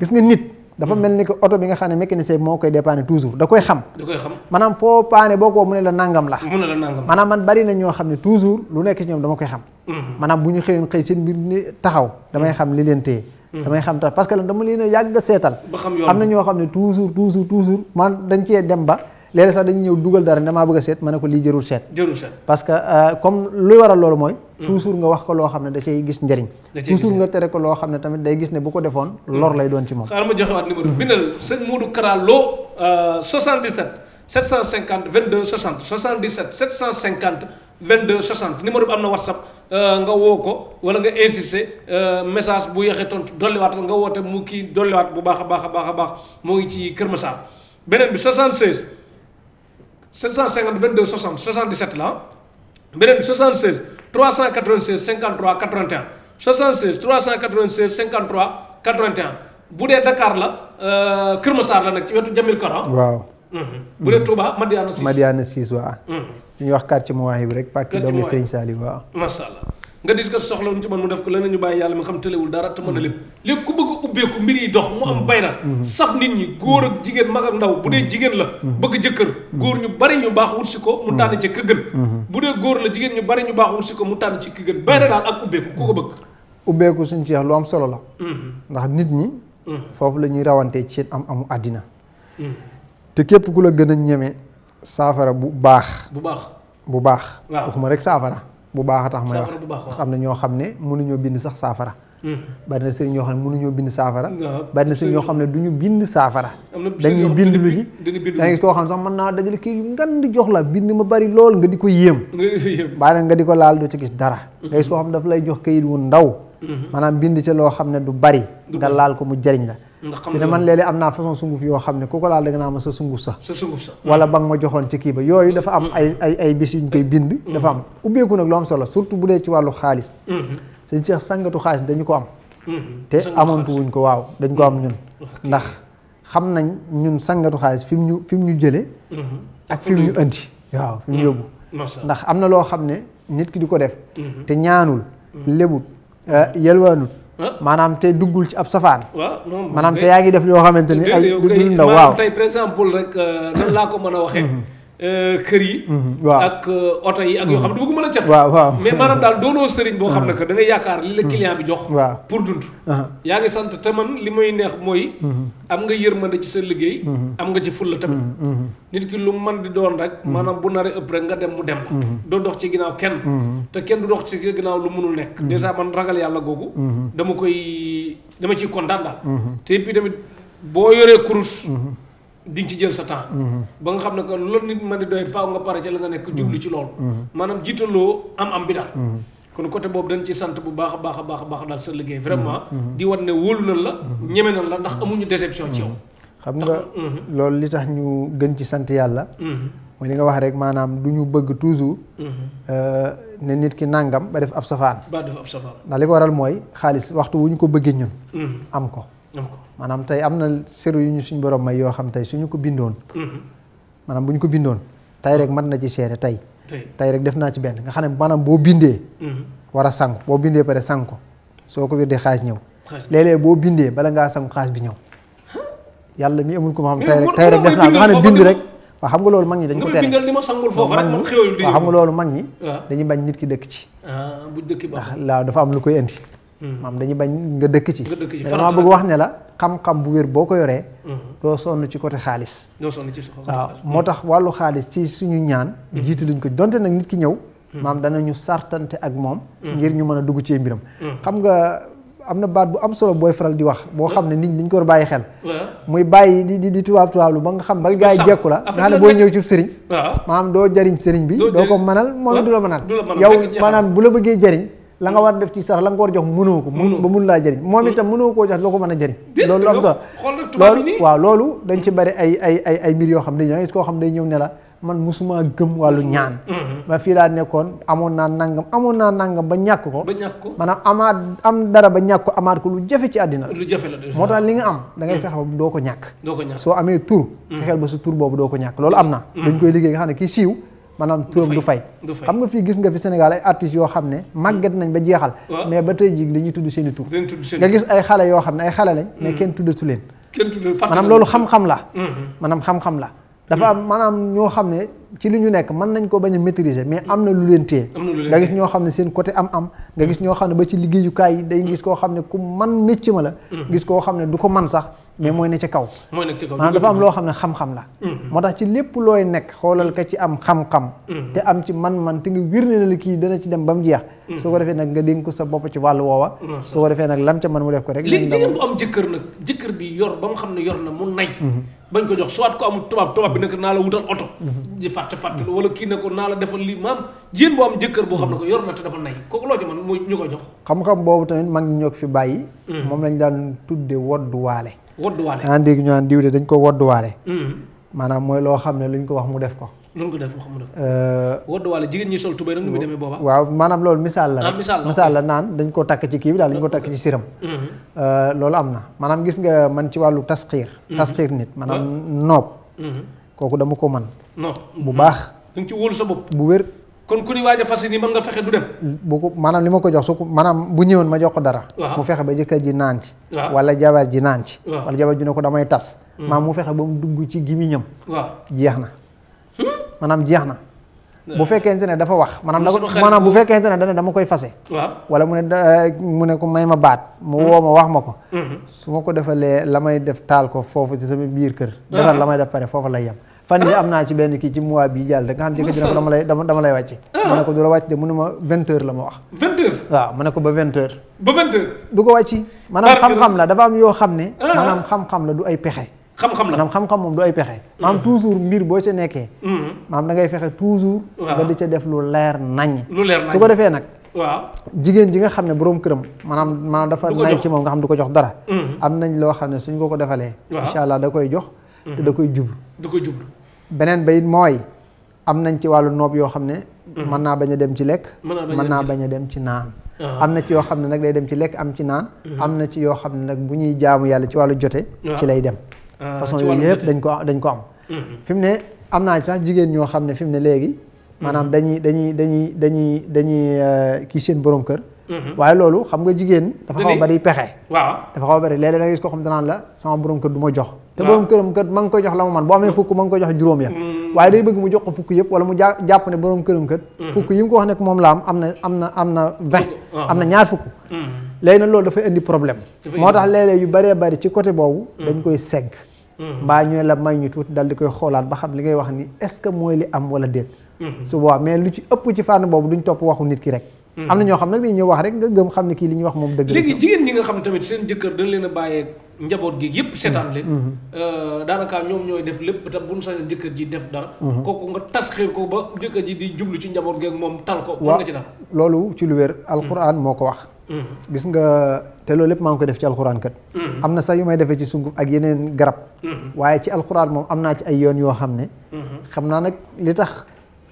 gis nga nit dafa mel ni que oto bi nga xam ne mécanicien bi moo koy dépanner toujours da koy xam. da koy xam foo paane boo ko mu ne la nangam la. mu maanaam man bari na ñoo xam ne toujours lu nekk ci ñoom dama koy xam. Mhm. maanaam bu ñu xëyoon xëy seen mbir ni taxaw damay mhm. xam li leen téye. Mhm. damay xam tax parce que lan dama leen a yàgg seetal. ba xam am ñoo xam ne toujours toujours toujours man dañ cee dem ba. léeg sax dañu ñëw dugal dara damaa bëgg a seet ma ne ko lii jërul seet jërul seet parce que euh, comme luy waral loolu mooy mm. toujours nga wax ko loo xam ne da cay gis njëriñ toujours nga tere ko loo xam ne tamit day gis ne bu ko defoon mm. lor lay doon ci moom xaaral ma joxewaat numéro mm. bindal sëñ Modou Kara Lo 77 750 22 60 77 750 22 60 bi am na whatsapp euh, nga woo ko wala nga insisté euh, message bu yeexee tontu dolliwaat nga woote mu kii dolliwaat bu baax a baax a baax a baax moo ngi ci Kër Massar beneen bi 750 22 60 77 la beneen bi 76 396 53 81 76 396 53 81 bu dee Dakar la euh, Kër Masar la nag ci wetu Jamil Kora. waaw. Mhm. bu dee Touba Madiana 6 Madiana 6 mhm. ñu wax quartier Mouwahib rek. quartier Mouwahib pàcc doomi Sëñ Saliou waaw. macha allah. nga dis ko soxla woon ci man mu def ko leneen ñu bàyyi yàlla mi xam tëlewul dara te mën a lépp léegi ku bëgg a ubbeeku mbir yi dox mu am mm-hmm. bayra mm-hmm. saf nit ñi góor ak jigéen mag ak ndaw bu dee mm-hmm. jigéen la bëgg jëkkër góor ñu bari ñu baax wut si ko mu tànn ci këgën bu dee góor la jigéen ñu bari ñu baax wut ko mu tànn ci këgën bayra daal ak ubbeeku ku ko bëgg ubbeeku suñ ci lu am solo la ndax nit ñi foofu lañuy ñuy rawantee ci seen am amu àddina te képp ku la gën a ñeme saafara bu baax bu baax bu baax waxuma rek saafara bu baax a tax ma may wax am na ñoo xam ne mënuñoo bind sax saafara hmm. bari na sëriñ ñoo xam ne mënuñoo bind saafara bari na sëriñ ñoo xam ne du ñu bind saafara dañuy bind lu ci da nga koo xam sax mën naa dajale kii yu ngan di jox la bind ma bari lool nga di ko yéem baa na nga di ko laal doo ci gis dara hmm. nga gis koo xam ne daf lay jox kayit wu ndaw hmm. maanaam bind ci loo xam ne du bari nga laal ko mu jariñ la ndax xam ne man léeg-léeg am naa façon sunguf yoo xam ne ku ko laal da nga naa ma sa sunguf sa sa sunguf ba nga ma joxoon ci kii ba yooyu dafa am mm-hmm. ay ay ay bis yu ñu koy bind mm-hmm. dafa am ubbeeku nag lu am solo surtout bu dee ci mm-hmm. ko am te amantu wuñ ko waaw dañ ko am ñun ndax xam nañ ñun sangatu xaalis fi mu ñu fi mu ñu jële ak fi mu ñu andi waaw fi mu yóbbu ndax am na loo xam ne nit ki di ko def te ñaanul lebut eh, yelwaanut maanaam te duggul ci ab safaan. waaw maanaam te yaa ngi def yoo xamante ni ay. du ndaw waaw tey par exemple rek euh, nan laa ko mën a waxee. Mm-hmm. Euh, kër yi. Mhm, waaw ak euh, oto yi ak yoo mhm. xam ne bëgguma la cat. waaw waaw mais maanaam daal doonoo sëriñ boo xam ne mhm. que da ngay yaakaar li la client bi jox. pour dund. yaa ngi sant te man li may neex mooy. am nga yër ma yërmande ci sa liggéey. am nga ci fulla tamit. nit ki lu man di doon rek. maanaam bu naree ëpp rek nga dem mu dem la. doo dox ci ginnaaw kenn. te kenn du dox ci ginnaaw lu mënul nekk. dèjà man ragal yàlla googu. dama koy dama ciy kontaan daal. te puis tamit boo di ci jël sa temps. ba nga xam ne kon loolu nit ma di doyit faaw nga pare ci la nga nekk jublu ci loolu. maanaam jiitaloo am am bi daal. kon côté boobu dañ ci sant bu baax a baax a baax a baax daal sa liggéey vraiment. di wan ne wóolu nañ la. ñeme nañ la ndax amuñu déception ci yow. xam nga mhm. loolu li tax ñu gën ci sant yàlla. Mhm. mooy li nga wax rek maanaam du ñu bëgg toujours. Mhm. Euh, ne nit ki nàngam ba def ab safaan. ba def ab safaan. ndax li ko waral mooy xaalis waxtu wu ñu ko bëggee ñun. am ko. maanaam tey am na seru yu ñu suñu boroom may yoo xam tey suñu ko bindoon. Mhm. maanaam bu ñu ko bindoon tey rek mën na ci seere tey. tey rek def naa ci benn nga xam ne maanaam boo bindee. Mhm. war a boo bindee pare sangu ko soo ko wirdee xaaj ñëw. léeg boo bindee bala ngaa sangu xaaj bi ñëw. yàlla mi amul ko ma xam tey rek def naa nga xam ne bind rek. waaw xam nga loolu mag ñi dañ ko tere waaw xam loolu mag ñi ah. dañuy bañ nit ki dëkk ci ah, ndax dafa am lu koy indi Mm-hmm. maam dañu bañ nga dëkk ci. nga dama bëgg wax ne la xam-xam bu wér boo ko yoree. Mm-hmm. doo sonn ci côté xaalis. doo sonn ci xaalis waaw moo tax wàllu xaalis ci suñu ñaan. Mm-hmm. jiite luñ ko donte nag nit ki ñëw. maam ñu sartante ak moom. ngir ñu mën a dugg ci mbiram. xam nga am na baat bu am solo booy faral di wax boo xam ne nit ñi dañu bàyyi xel. muy bàyyi di di tubaab tubaab lu ba nga xam ba gaa yi jekku la. nga xam ne booy ñëw ci sëriñ. waaw doo jariñ sëriñ bi. doo ko mënal moom du la mënal yow la bëggee jariñ la nga war def ci sarax la nga ko war jox mënoo ko mun ba mun laa jëriñ moom itam mënoo koo jox loo ko mën a jëriñ loolu am sax loolu waaw loolu dañ ci bari ay ay ay ay mbir yoo xam ne ñoo gis koo xam day ñëw ne la man musuma gëm wàllu ñaan mhm. ba fii laa nekkoon amoon naa nangam amoon naa nangam ba ñàkk ko maanaam amaat am dara ba ñàkk ko amaat ko lu jafe ci àddina moo tax li nga am dangay ngay mm. fexe ba doo ko ñàkk soo amee tur mm. xel ba sa tur boobu doo ko ñàkk loolu am na mm. dañ koy liggéey nga xam ne kii siiw maanaam turam du fay xam nga fii gis nga fi Sénégal ay artistes yoo xam ne màgget nañ ba jeexal mais ba tey jii dañuy tudd seen i tur nga gis ay xale yoo xam ne ay xale lañ mais mm. kenn tuddatu leen maanaam loolu xam-xam la mm-hmm. maanaam xam-xam la dafa am mm. maanaam ñoo xam ne ci li ñu nekk mën nañ ko bañ a maîtriser mais am na lu leen téye nga gis ñoo xam ne seen côté am am nga gis ñoo xam ne ba ci liggéeyukaay yi day mm. gis koo xam ne ku man mécc ma la gis koo xam ne du ko man sax mais mooy ne ci kaw. mooy nekk ci kaw maanaam dafa am loo xam ne xam-xam la. Mm-hmm. moo tax ci lépp looy nekk xoolal ka ci am xam-xam. Mm-hmm. te am ci man-man te nga wir ne la kii dana ci dem ba mu jeex. Mm-hmm. su ko defee nag nga dénk ko sa bopp ci wàllu woowa. su defee nag lam ca def ko rek. léegi jigéen bu am jëkkër nag jëkkër bi yor ba mu xam ko jox soit tubaab tubaab bi nag naa la wutal oto. di fàtte fàtte wala kii ne ko naa la defal lii maam jigéen bu am jëkkër boo xam ne ko yor na te dafa nay kooku loo ci man mooy ñu ko jox. xam-xam boobu tamit mag ñi ñoo ko fi bàyyi. moom lañ daan tudde wodduwaale wodduwaale daan dégg ñu naan diw de dañ ko hmm. loo xam ko wax mu def ko loolu ko def wax mu def euh, wodduwaale jigéen ñi sol tubéy nag nu muy demee booba waaw maanaam loolu misaal la ah, misaal la naan dañ ko takk ci kii bi daal dañ ko takk ci siram hmm. euh, loolu am na maanaam gis nga man ci wàllu tasxiir hmm. tasxiir nit maanaam noob kooku dama ko man bu baax dañ ci wóolu sa bopp bu wér kon ku ni waaj a ni mën nga fexe du dem. bu ko maanaam li ma ko jox su ko maanaam bu ñëwoon ma jox ko dara. mu fexe ba jëkkër ji naan ci. wala jabar ji naan ci. wala jabar ji ne ko damay tas. Hmm. maam mu fexe ba dugg ci gimiñam. jeex na. Hmm? maanaam jeex na. bu eh. fekkente ne dafa wax maanaam da maanaam bu fekkente ne dana dama koy fase wala mu ne eh, mu ne ko may ma baat mu woo ma wax ma ko hmm. su ma ko defalee la may def taal ko foofu ci sama biir kër ah. defar la may def pare foofu lay yem fan yi am naa ci benn kii ci mois bi jàll de nga xam ne jëkkër dama lay dama lay wàcce ah. ma ko du la wàcc de mu ne ma vingt heures la ma wax vingt heures ba vingt du ko wàcci maanaam xam-xam la dafa am yoo xam ne ah. maanaam xam la du ay pexe xam-xam la maanaam xam-xam moom du ay pexe mm. maanaam toujours mbir boo ca nekkee mm. maanaam da ngay fexe toujours nga di ca def lu leer naññ su ko defee nag waaw ji nga xam ne boroom këram maanaam maanaam dafa nay ci moom nga xam du ko jox dara mm. am nañ loo xam ne suñ ko ko defalee incha allah da koy jox te da koy jublu da beneen ba it mooy am nañ ci wàllu noob yoo xam ne mhm. mën naa bañ a dem ci lekk mën naa bañ a dem ci naan ah. am na ci yoo xam ne nag day dem ci lekk am ci naan mhm. am na ci yoo xam ne nag bu ñuy jaamu yàlla ci wàllu jote ah. ci lay dem ah, façon yooyu yëpp dañ ko dañ ko am mhm. fi mu ne am naa sax jigéen ñoo xam ne fi mu ne léegi maanaam dañuy dañuy dañuy dañuy dañuy euh, kii seen borom kër Mhm. waaye loolu xam nga jigéen dafa xaw a bari pexe waaw dafa xaw a bari léeg-léeg nga gis koo xam danaan la sama borom kër du ma jox te borom këram kër ma ngi koy jox la mu man boo fukk ma ngi koy jox juróom ya mm. waaye day bëgg mu jox ko fukk yëpp wala mu jàpp ne borom këram kër mm-hmm. fukk yi mu ko wax nekk moom la am am na am na am na vingt am na ñaar fukk mm-hmm. léegi na loolu dafay indi problème moo tax léeg yu baree bari ci côté boobu mm. dañ koy segg mm-hmm. mbaa ñooy la may ñu tuuti dal di koy xoolaat ba xam li ngay wax ni est-ce que mooy li am wala déet su boobaa mais ci ëpp ci fànn boobu duñ topp waxu nit ki rek am na ñoo xam ne li ñuy wax rek nga gëm xam ne kii li ñuy wax moom dëgg léegi jigéen ñi nga xam ne tamit seen jëkkër dañ leen a bàyyee njaboot gi yëpp seetaan leen mm-hmm. euh, daanaka ñoom ñooy def lépp te buñ sañ jëkkër ji def dara mm-hmm. kooku nga tas xir ko ba jëkkër ji di jublu ci njaboot gi moom tal ko war nga ci dara loolu ci lu wér alxuraan moo ko wax mm-hmm. gis nga te loolu lépp maa ngi ko def ci alxuraan kat. am na sax yu may defee ci sunguf ak yeneen garab. waaye ci alxuraan moom am naa ci ay yoon yoo xam ne. xam naa nag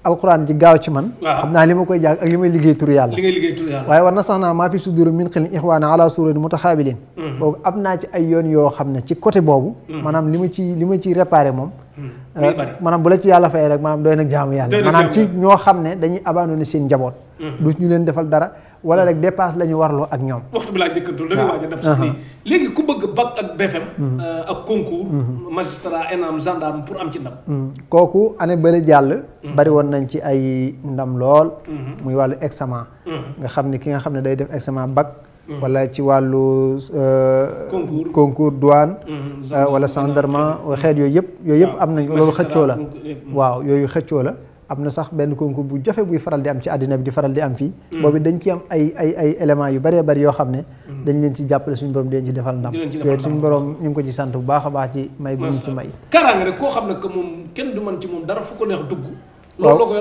alquran ji gaaw ci man xam naa li ma koy jàng ak li may liggéey tur yàlla waaye war na sax naa maa fi suduru min xilin ixwaana ala surati mutaxaabilin hmm. boobu am naa ci ay yoon yoo xam ne ci côté boobu hmm. maanaam li ma ci li ma ciy réparé moom hmm. euh, maanaam bu la ci yàlla fay rek maanaam doy na jaamu yàlla maanaam ci ñoo xam ne dañuy abandonné seen njaboot Mm-hmm. du ñu leen defal dara wala rek dépasse la ñu warloo ak ñoom waxtu uh-huh. léegi ku bëgg bac ak BFM mm-hmm. euh, ak concours mm-hmm. magistrat ENAM gendarme pour am ci ndam kooku année bële jàll bari woon nañ ci ay ndam lool muy wàllu examen nga xam ni ki nga xam ne day def examen bac wala ci wàllu euh, concours douane euh, wala gendarme xeet yooyu yëpp yooyu yëpp am nañ loolu xëccoo la waaw yooyu xëccoo la am na sax benn concours bu jofe buy faral di am ci àddina bi di faral di am fii. Mm. boobu dañ ci am ay ay yu bëree bëri yoo xam ne. Mm. dañ leen ci jàppale suñu borom di leen ci defal ndam. yooyu suñu ñu ngi ko ci sant bu baax a baax may bu ñu ci may. kaaraange rek moom dara fu ko neex dugg. waaw loolu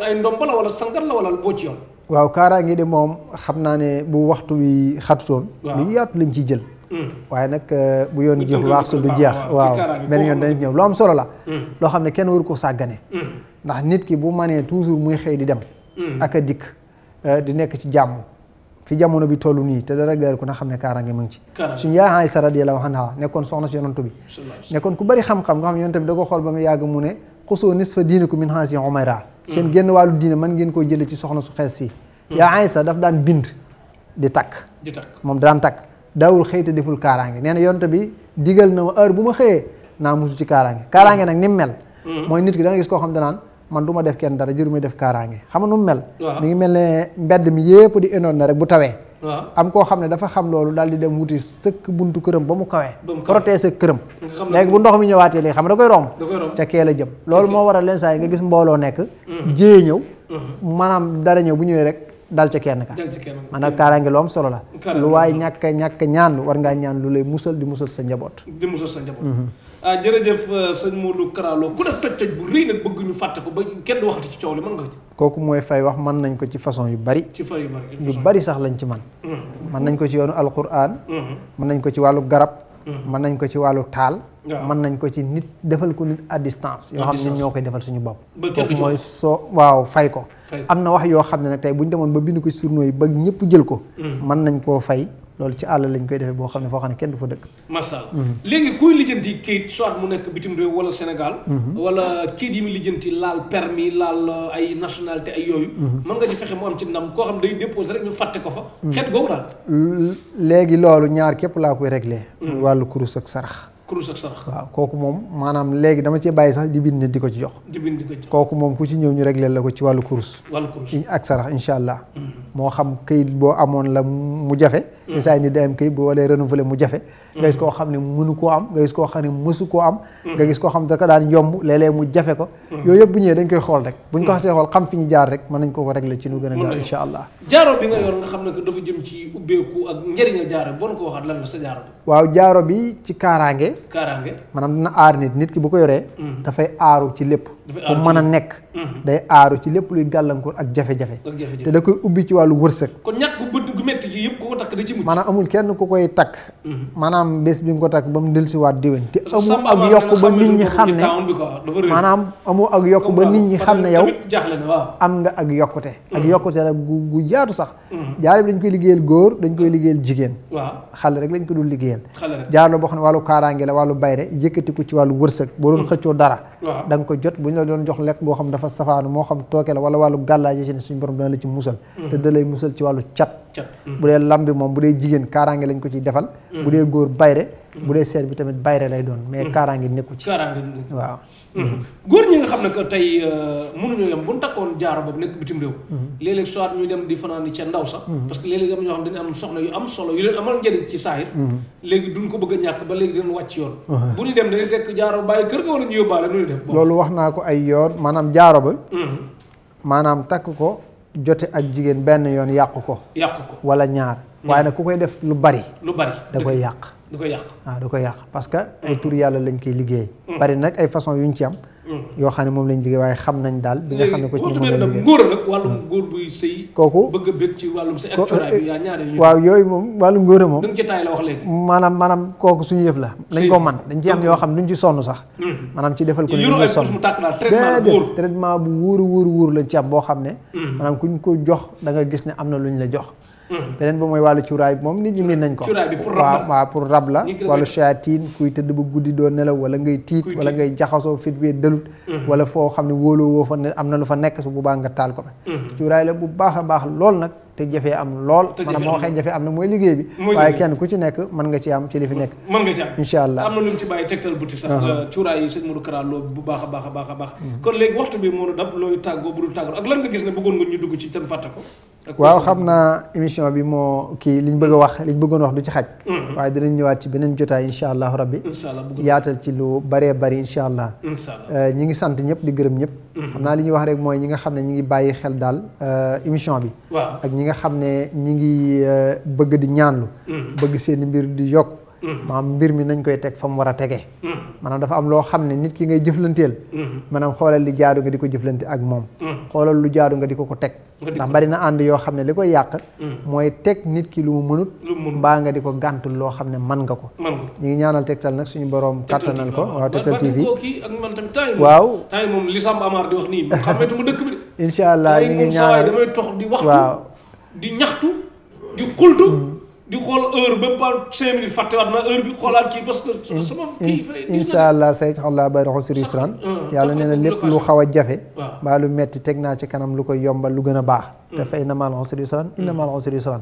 de moom xam naa ne bu waxtu wi xatutoon. lu yaatu lañ ci jël. Mm. waaye nag euh, bu yoon jeex waax su lu jeex. waaw benn yoon dañu ñëw lu am solo la. loo xam ne kenn waru ko sàggane ndax nit ki bu manee toujours muy xëy di dem. Mm. ak a dikk euh, di nekk ci jàmm. fi jamono bi toll nii te dara gër ku na xam ne kaaraange mu ngi ci suñu yaay Aysa radiyallaahu anha nekkoon soxna si yonantu bi ku bari xam-xam nga xam ne yonantu bi xool ba mu yàgg mu ne xusoo nisfa diinikum min haadihi umayra mm. seen génn wàllu diine mën ngeen koo ci soxna su xees si mm. yaa Aysa daf daan di takk di takk moom daan takk daawul xëy te deful kaaraange nee na yonantu bi digal na ma bu ma xëyee naa musu ci kaaraange kaaraange nag ni mel mooy nit ki da nga gis koo xam danaan man du ma def kenn dara jur def kaaraange xam nga nu mu mel. mi ngi mel ne mbedd mi yépp di indoon na rek bu tawee. am koo xam ne dafa xam loolu daal di dem wuti sëkk buntu këram ba mu kawee. protéger këram. léegi bu ndox mi ñëwaatee léegi xam nga da koy romb. ca kee la jëm. loolu moo waral leen nga gis mbooloo nekk. Mm-hmm. jiyee ñëw. Mm-hmm. maanaam dara ñëw bu ñëwee rek dal ci kenn ka. maanaam kaaraange lu solo la. lu waaye ñàkk a ñàkk ñaan war ngaa ñaan lu lay musal di musal sa njaboot. di musal sa njaboot. Mm-hmm. ah euh, kooku mooy fay wax mën nañ ko ci façon yu bari. yu bari yu sax lañ ci man mën nañ ko ci yoonu alquran. mën nañ ko ci wàllu garab. mën nañ ko ci wàllu taal. mën nañ ko ci nit defal ko nit à distance. yoo xam ne ñoo koy defal suñu bopp. kooku mooy soo waaw fay ko. am na wax yoo xam ne nag tey buñ demoon ba bind ko ci yi ba ñëpp jël ko. mën nañ koo fay. loolu ci àll lañ koy defee boo xam ne foo xam ne kenn du fa dëkk. macha allah mm-hmm. léegi kuy lijjanti kayit soit mu nekk bitim réew wala Sénégal. Mm-hmm. wala kayit yi mu lijjanti laal permis laal uh, ay nationalité ay yooyu. Mm-hmm. mën nga ci fexe mu am ci ndam koo xam day déposé rek ñu fàtte ko fa. léegi loolu ñaar képp laa koy réglé. wàllu kurus ak sarax. kurus ak sarax. waaw kooku moom maanaam léegi dama cee bàyyi sax di bind di di ko ci jox kooku moom ku ci ñëw ñu réglé la ko ci wàllu kurus. wàllu kurus ak sarax incha allah. moo xam kayit boo amoon la mu jafe isaay ni dayam kay bu walee renouveler mu jafe nga gis koo xam ne mënu koo am nga gis koo xam ne mësu koo am nga gis koo xam ne da ko daan yomb mu jafe ko yooyu yëpp bu koy xool buñ ko xasee xool xam fi ñu jaar rek mën nañ ko ko régler ci a dafa jëm ci ubbeeku ak njëriñal jaaro bon ko waxaat lan la sa jaaro bi waaw jaaro bi ci kaaraange kaaraange maanaam dina aar nit nit ki bu ko yoree hmm. dafay aaru ci lépp fu mën a nekk hmm. day aaru ci lépp luy gàllankoor ak jafe-jafe te da koy ubbi ci wàllu wërsëg yëpp ku ko takk da ci mucc maanaam amul kenn ku koy takk Mhm. maanaam bés bi nga ko takk ba mu dellusiwaat déwén te amu ak yokk ba nit ñi xam ne maanaam amu ak yokk ba nit ñi xam ne yow am nga ak yokkute ak mhm. yokkute la gu gu jaatu sax mhm. jaare bi dañ koy liggéeyal góor dañ koy liggéeyal jigéen xale rek lañ ko dul liggéeyal jaarlo boo xam ne wàllu kaaraange la wàllu bayre yëkkati ko ci wàllu wërsëg boo doon xëccoo dara da ko jot bu ñu la doon jox lekk goo xam dafa safaanu moo xam tooke la wala wàllu gàllaaje ci ne suñu borom dana la ci musal te da musal ci wàllu cat bu dee lam bi moom bu dee jigéen kaaraange lañ ko ciy defal bu dee góor bayre bu dee seet bi tamit bayre lay doon mais mm-hmm. ngi nekku ci kaaraange waaw mm-hmm. góor ñi nga xam ne que tey euh, mënuñu yem bu ñu takkoon jaaro boobu nekk bitim réew mm-hmm. léeg-léeg soit ndaw sax parce yu am solo ci saahir léegi ko bëgg ñàkk ba léegi dinañ wàcc yoon uh-huh. bu ñu dem dañuy fekk jaaro bàyyi kër ga wala ñu yóbbaale loolu wax naa ko ay yoon maanaam jaaro ba maanaam takk ko jote ak jigéen benn yoon yàqu ko. yàqu wala ñaar. waaye nag ku koy def lu bari. lu bari da koy yàq. da koy yàq waaw yàq parce que ay mm. tur yàlla lañ koy liggéey. Mm. bari nag ay façon yu ñu ci am. yoo xam ne moom lañ liggéey waaye xam nañ daal bi nga xam ne ko ci moom lañ liggéey góor kooku eh, waaw yooyu moom wàllum góor moom dañ ci maanaam maanaam kooku suñu yëf la dañ ko man dañ ci am yoo xam dañ ci sonn sax hmm. maanaam ci defal ko ni ñu sonn traitement bu wóor wóor wóor lañ ci am boo xam ne hmm. maanaam kuñ ko jox da nga gis ne am na luñ la jox Mhm. beneen ba mooy wàllu cuuraay bi moom nit ñi miin nañ ko waaw waaw pour rab la wàllu shayatin kuy tëdd bu guddi doo nelaw wala ngay tiit wala ngay jaxasoo fit bi dëlut mhm. wala foo xam ne wóoloo woo fa ne am na lu fa nekk su bu baax nga taal ko fa mhm. cuuraay la bu baax a baax lool nag te jafee am lool maanaam moo waxee jafe am na mooy liggéey bi waaye kenn ku ci nekk mën nga ci am ci li fi nekk mën nga ci am allah am na ci bàyyi tegtal boutique uh-huh. euh, bu baax a baax a baax a baax mm-hmm. kon waaw xam naa émission bi moo kii liñ bëgg a wax liñ bëggoon wax du ci xaj mm-hmm. waaye dinañ ñëwaat ci beneen jotaay incha allah rabbi yaatal ci lu baree bari incha allah euh, ñi ngi sant ñëpp di gërëm ñëpp mm-hmm. xam naa li ñuy wax rek mooy ñi nga xam ne ñu ngi bàyyi xel daal euh, émission bi ñi nga xam ne ñi ngi euh, bëgg di ñaanlu mm-hmm. bëgg seeni mbir di yokk mm-hmm. maanaam mbir mi nañ koy teg fa mu war a tege mm-hmm. maanaam dafa am loo xam ne nit ki ngay jëflanteel maanaam xoolal di jaadu nga di ko jëflante ak moom xoolal lu jaadu nga di ko ko teg ndax bari na ànd yoo xam ne li ko yàq mooy teg nit ki lu mu mënut baa nga di ko gàntul loo xam ne man nga ko ñi ngi ñaanal tal nag suñu borom kàttanal ko waaw tegtal TV waaw waaw incha waaw di ñaxtu di xultu mm. di xool heure ba par cinq minutes fàttewaat na heure bi xoolaat kii parce que sama kii insha allah say xallaa bay raxu siri usran yàlla nee na lépp lu xaw a jafe mbaa lu metti teg naa ci kanam lu koy yombal lu gën a baax mm. te fa inna maal usri usran inna maal mm. usri usran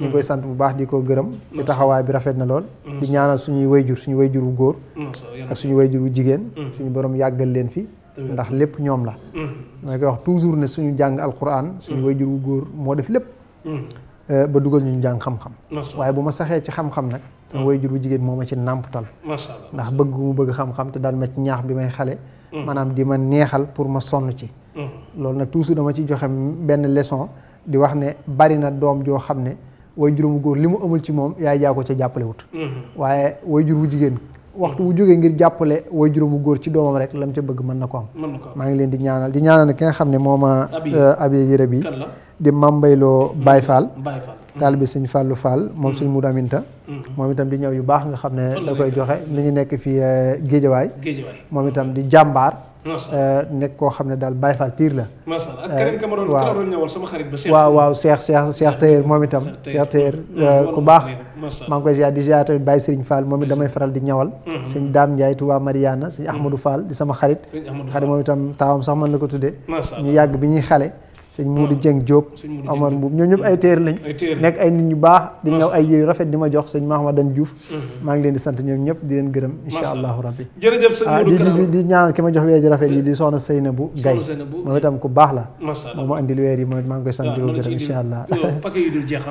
ñu ngi koy sant bu baax di koo gërëm ci taxawaay bi rafet na lool di ñaanal suñuy wayjur suñu wayjur wu góor mm. Mm. ak suñu wayjur wu jigéen mm. suñu borom yàggal leen fi ndax lépp ñoom la ma koy wax toujours ne suñu jàng alquran suñu wayjur wu góor moo def lépp eh, ba dugal ñu jàng xam waaye bu ma saxee ci xam-xam nag sama wayjur wu jigéen moo ma ci nàmpatal ndax bëgg mu bëgg xam-xam te dal ma ñaax bi may xale manaam di ma neexal pour ma sonn ci loolu nag toujours dama ci joxe benn leçon di wax ne bari na doom joo xam ne way juróom góor li mu amul ci moom yaay jaa ko ca jàppale wut mm-hmm. waaye way jur wu jigéen waxtu wu jógee ngir jàppale way juróom góor ci doomam rek lam ca bëgg mën na ko am maa ngi leen di ñaanal di ñaanal ki nga xam ne mooma abiye euh, yére bi di mambayloo mm-hmm. Baye Fall mm-hmm. taalibe suñ Fallou Fall moom suñ Moudou Aminta moom itam di ñëw yu baax nga xam ne da koy joxe ni ñu nekk fii euh, Géejawaay moom itam di jàmbaar Euh, nekk koo xam ne daal Baye Fall piir la. macha euh, waaw waaw Cheikh Cheikh Cheikh Tayer moom itam. Cheikh Tayer mm-hmm. euh, ku baax. maa ngi koy ziar di ziar tamit Baye Serigne Fall moom it damay faral di ñawal. Mm-hmm. sëñ Dame Ndiaye Touba Mariana sëñ mm-hmm. Ahmadou Fall di sama xarit. xarit moom itam taawam sax mën la ko tuddee. ñu yàgg bi ñuy xale. sëñ Moudou Dieng Diop Omar Mbuub ñoo ñëpp ay teer lañ nekk ay nit ñu baax di ñëw ay yëyu rafet di ma jox sëñ dañ Diouf mhm. maa ngi leen di sant ñoom ñëpp di leen gërëm insha allahu rabbi jërëjëf ah, di ñaanal ki ma jox weer ji rafet yi di soxna Seynabou Gaye moom itam ku baax la moom ma andil weer yi moom maa ngi koy sant di ko gërëm insha allah paquet yi dul jeex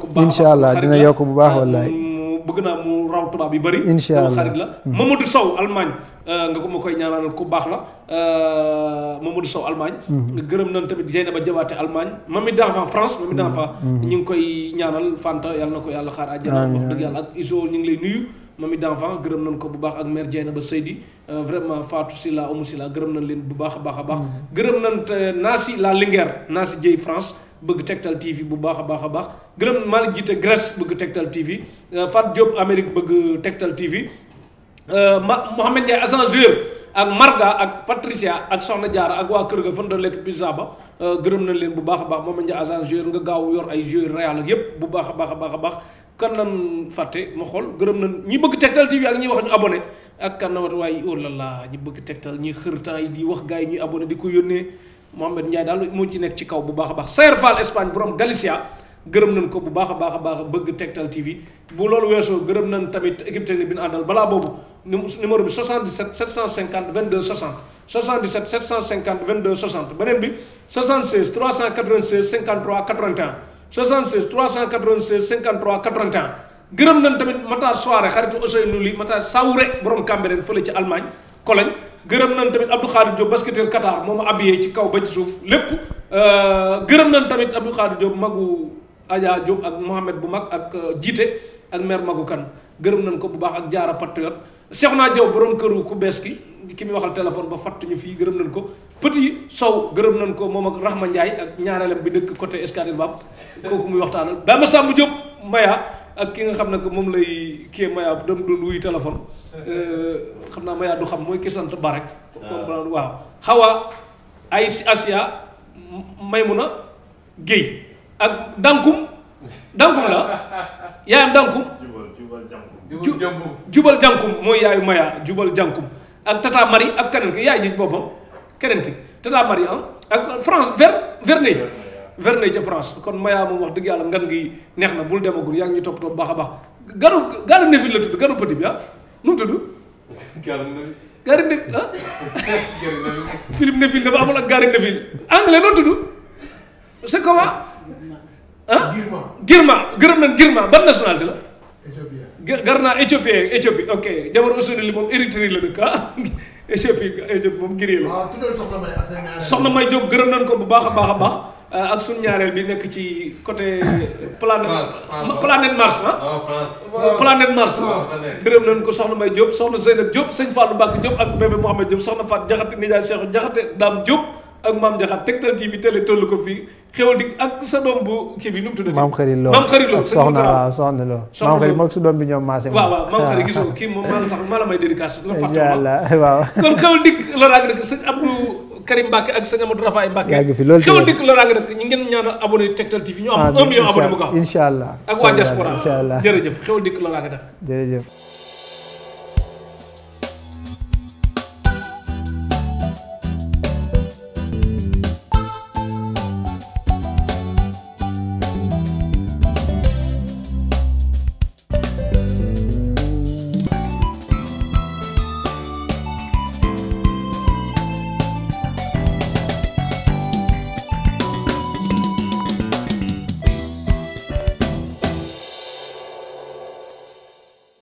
ko bu baax dina yokk bu baax wallaay bëgg naa mu raw tubaab yu bëri. incha allah xarit la hmm. Mamadou Sow Allemagne euh, nga ko ma koy ñaanal ku baax la euh, Mamadou Sow Allemagne. Hmm. nga gërëm nañ tamit Jeynaba Jabaate Allemagne mami d'enfant France mami hmm. d'enfant. ñu ngi koy ñaanal Fanta yàlla na ko yàlla xaar àjjana. wax dëgg yàlla ak Iso ñu ngi lay nuyu. mami d'enfant gërëm nañ ko bu baax ak mère Jeynaba Seydi euh, vraiment Fatou Sila Oumou Sila gërëm nañ leen bu baax a baax a baax. gërëm nañ Nasi la Linguère Nasi Dieye France. bëgg Tektal TV bu baax a baax a baax gërëm Malick jiite Grèce bëgg Tektal TV euh, Fat Diop Amérique bëgg Tektal TV euh, ma Mouhamed Ndiaye agent joueur ak Marga ak Patricia ak Soxna Diarra ak waa kër ga fan doon lekk pizza ba euh, gërëm nañ leen bu baax a baax Mouhamed Ndiaye agent joueur nga gaaw yor ay joueur Real ak yépp bu baax a baax a baax a baax kan lañ fàtte ma xool gërëm na ñi bëgg Tektal TV ak ñi wax ñu abonné ak kan na wat waaye oh la la ñi bëgg Tektal ñi xër yi di wax gars yi ñuy abonné di ko yónnee Mohamed Ndiaye daal moo ci nekk ci kaw bu baax a baax Sayer Fall Espagne borom Galicia gërëm nañ ko bu baax a baax a baax bëgg Tektal TV bu loolu weesoo gërëm nañ tamit équipe technique bi ñu àndal balaa boobu numéro bi 77 750 22 60 77 750 22 60 beneen bi 76 396 53 81 76 396 53 81 gërëm nañ tamit Matar Soare xaritu Ousseynou Ly Matar Sawre borom Cambérène fële ci Allemagne Cologne gërëm nañ tamit Abdou Khadir Diop basketteur Qatar moom a abiyee ci kaw ba ci suuf lépp euh, gërëm nañ tamit Abdou Khadir jóob magu Adja Diop ak Mohamed bu mag ak euh, jiite ak maire magu kan gërëm nañ ko bu baax ak jaara patriote Cheikhouna Diaw boroom këru ku bees ki ki muy waxal téléphone ba fàtt ñu fii gërëm nañ ko petit sow gërëm nañ ko moom ak Rahma Ndiaye ak ñaareelam bi dëkk côté Escadrille Bab kooku muy waxtaanal Bamba Samb Diop Maya ak ki nga xam ne que moom lay kii mayaa dem doon wuy téléphone euh, xam naa mayaa du xam mooy ki sant ba rek ah. comprendre waaw xawa ay Asia Maymuna Géy ak dankum dankum la yaayam dankum jubal jànkum mooy yaayu mayaa jubal jànkum ak tata Marie ak keneen yaay ji boppam keneen ki Marie ah. ak France ver Verneuil Verneuil ca France kon mayaa moom wax dëgg yàlla ngan gi neex na bul demagul yaa ngi ñu topp topp baax a baax ganu ganu Ndefleng la tudd ganu petit bi ah nu mu tudd. ganu Ndefleng. ganu Ndefleng ah. ganu Ndefleng. Philippe Ndefleng dafa amul ak ganu Ndefleng anglais noo tudd c'est comment. ah Girma Girma gërëm nañ Girma ban nationalité la. Éthiopien garna Éthiopien Éthiopie ok jabar Ousseynou li moom Érythrée la dëkk ah. Éthiopie Éthiopie moom Guiré la. Soxna May ak Soxna gërëm nañ ko bu baax a baax a baax. Euh, ak suñ ñaareel bi nekk ci côté. planète planète Mars ah. ah planète Mars. gërëm nañ ko soxna May Diop soxna Zeynab Diop sëñ Fallou Mbacke Diop ak bébé Mouhamed Diop soxna Fatou Diakhaté Nijaay Cheikh Diakhaté Dame Diop ak maam Diakhaté Tektal TV télé toll ko fii xéwal di ak sa doom bu kii bi nu mu tuddati. maam xarit Lo maam xarit Lo soxna waaw soxna Lo. maam xarit moom su doom bi ñoom maase. waaw waaw maam xarit gisoo kii moom maa la tax maa la may dédicace. incha allah Karim Mbacke ak sëñ Amadou Rafaay Mbacke. yaa ngi fi loolu xew dëkk la nga dëkk ñu ngeen ñaanal abonné Tektal TV ñu am. 1 million abonné bu allah ak waa diaspora jërëjëf xew dëkk la nga dëkk jërëjëf.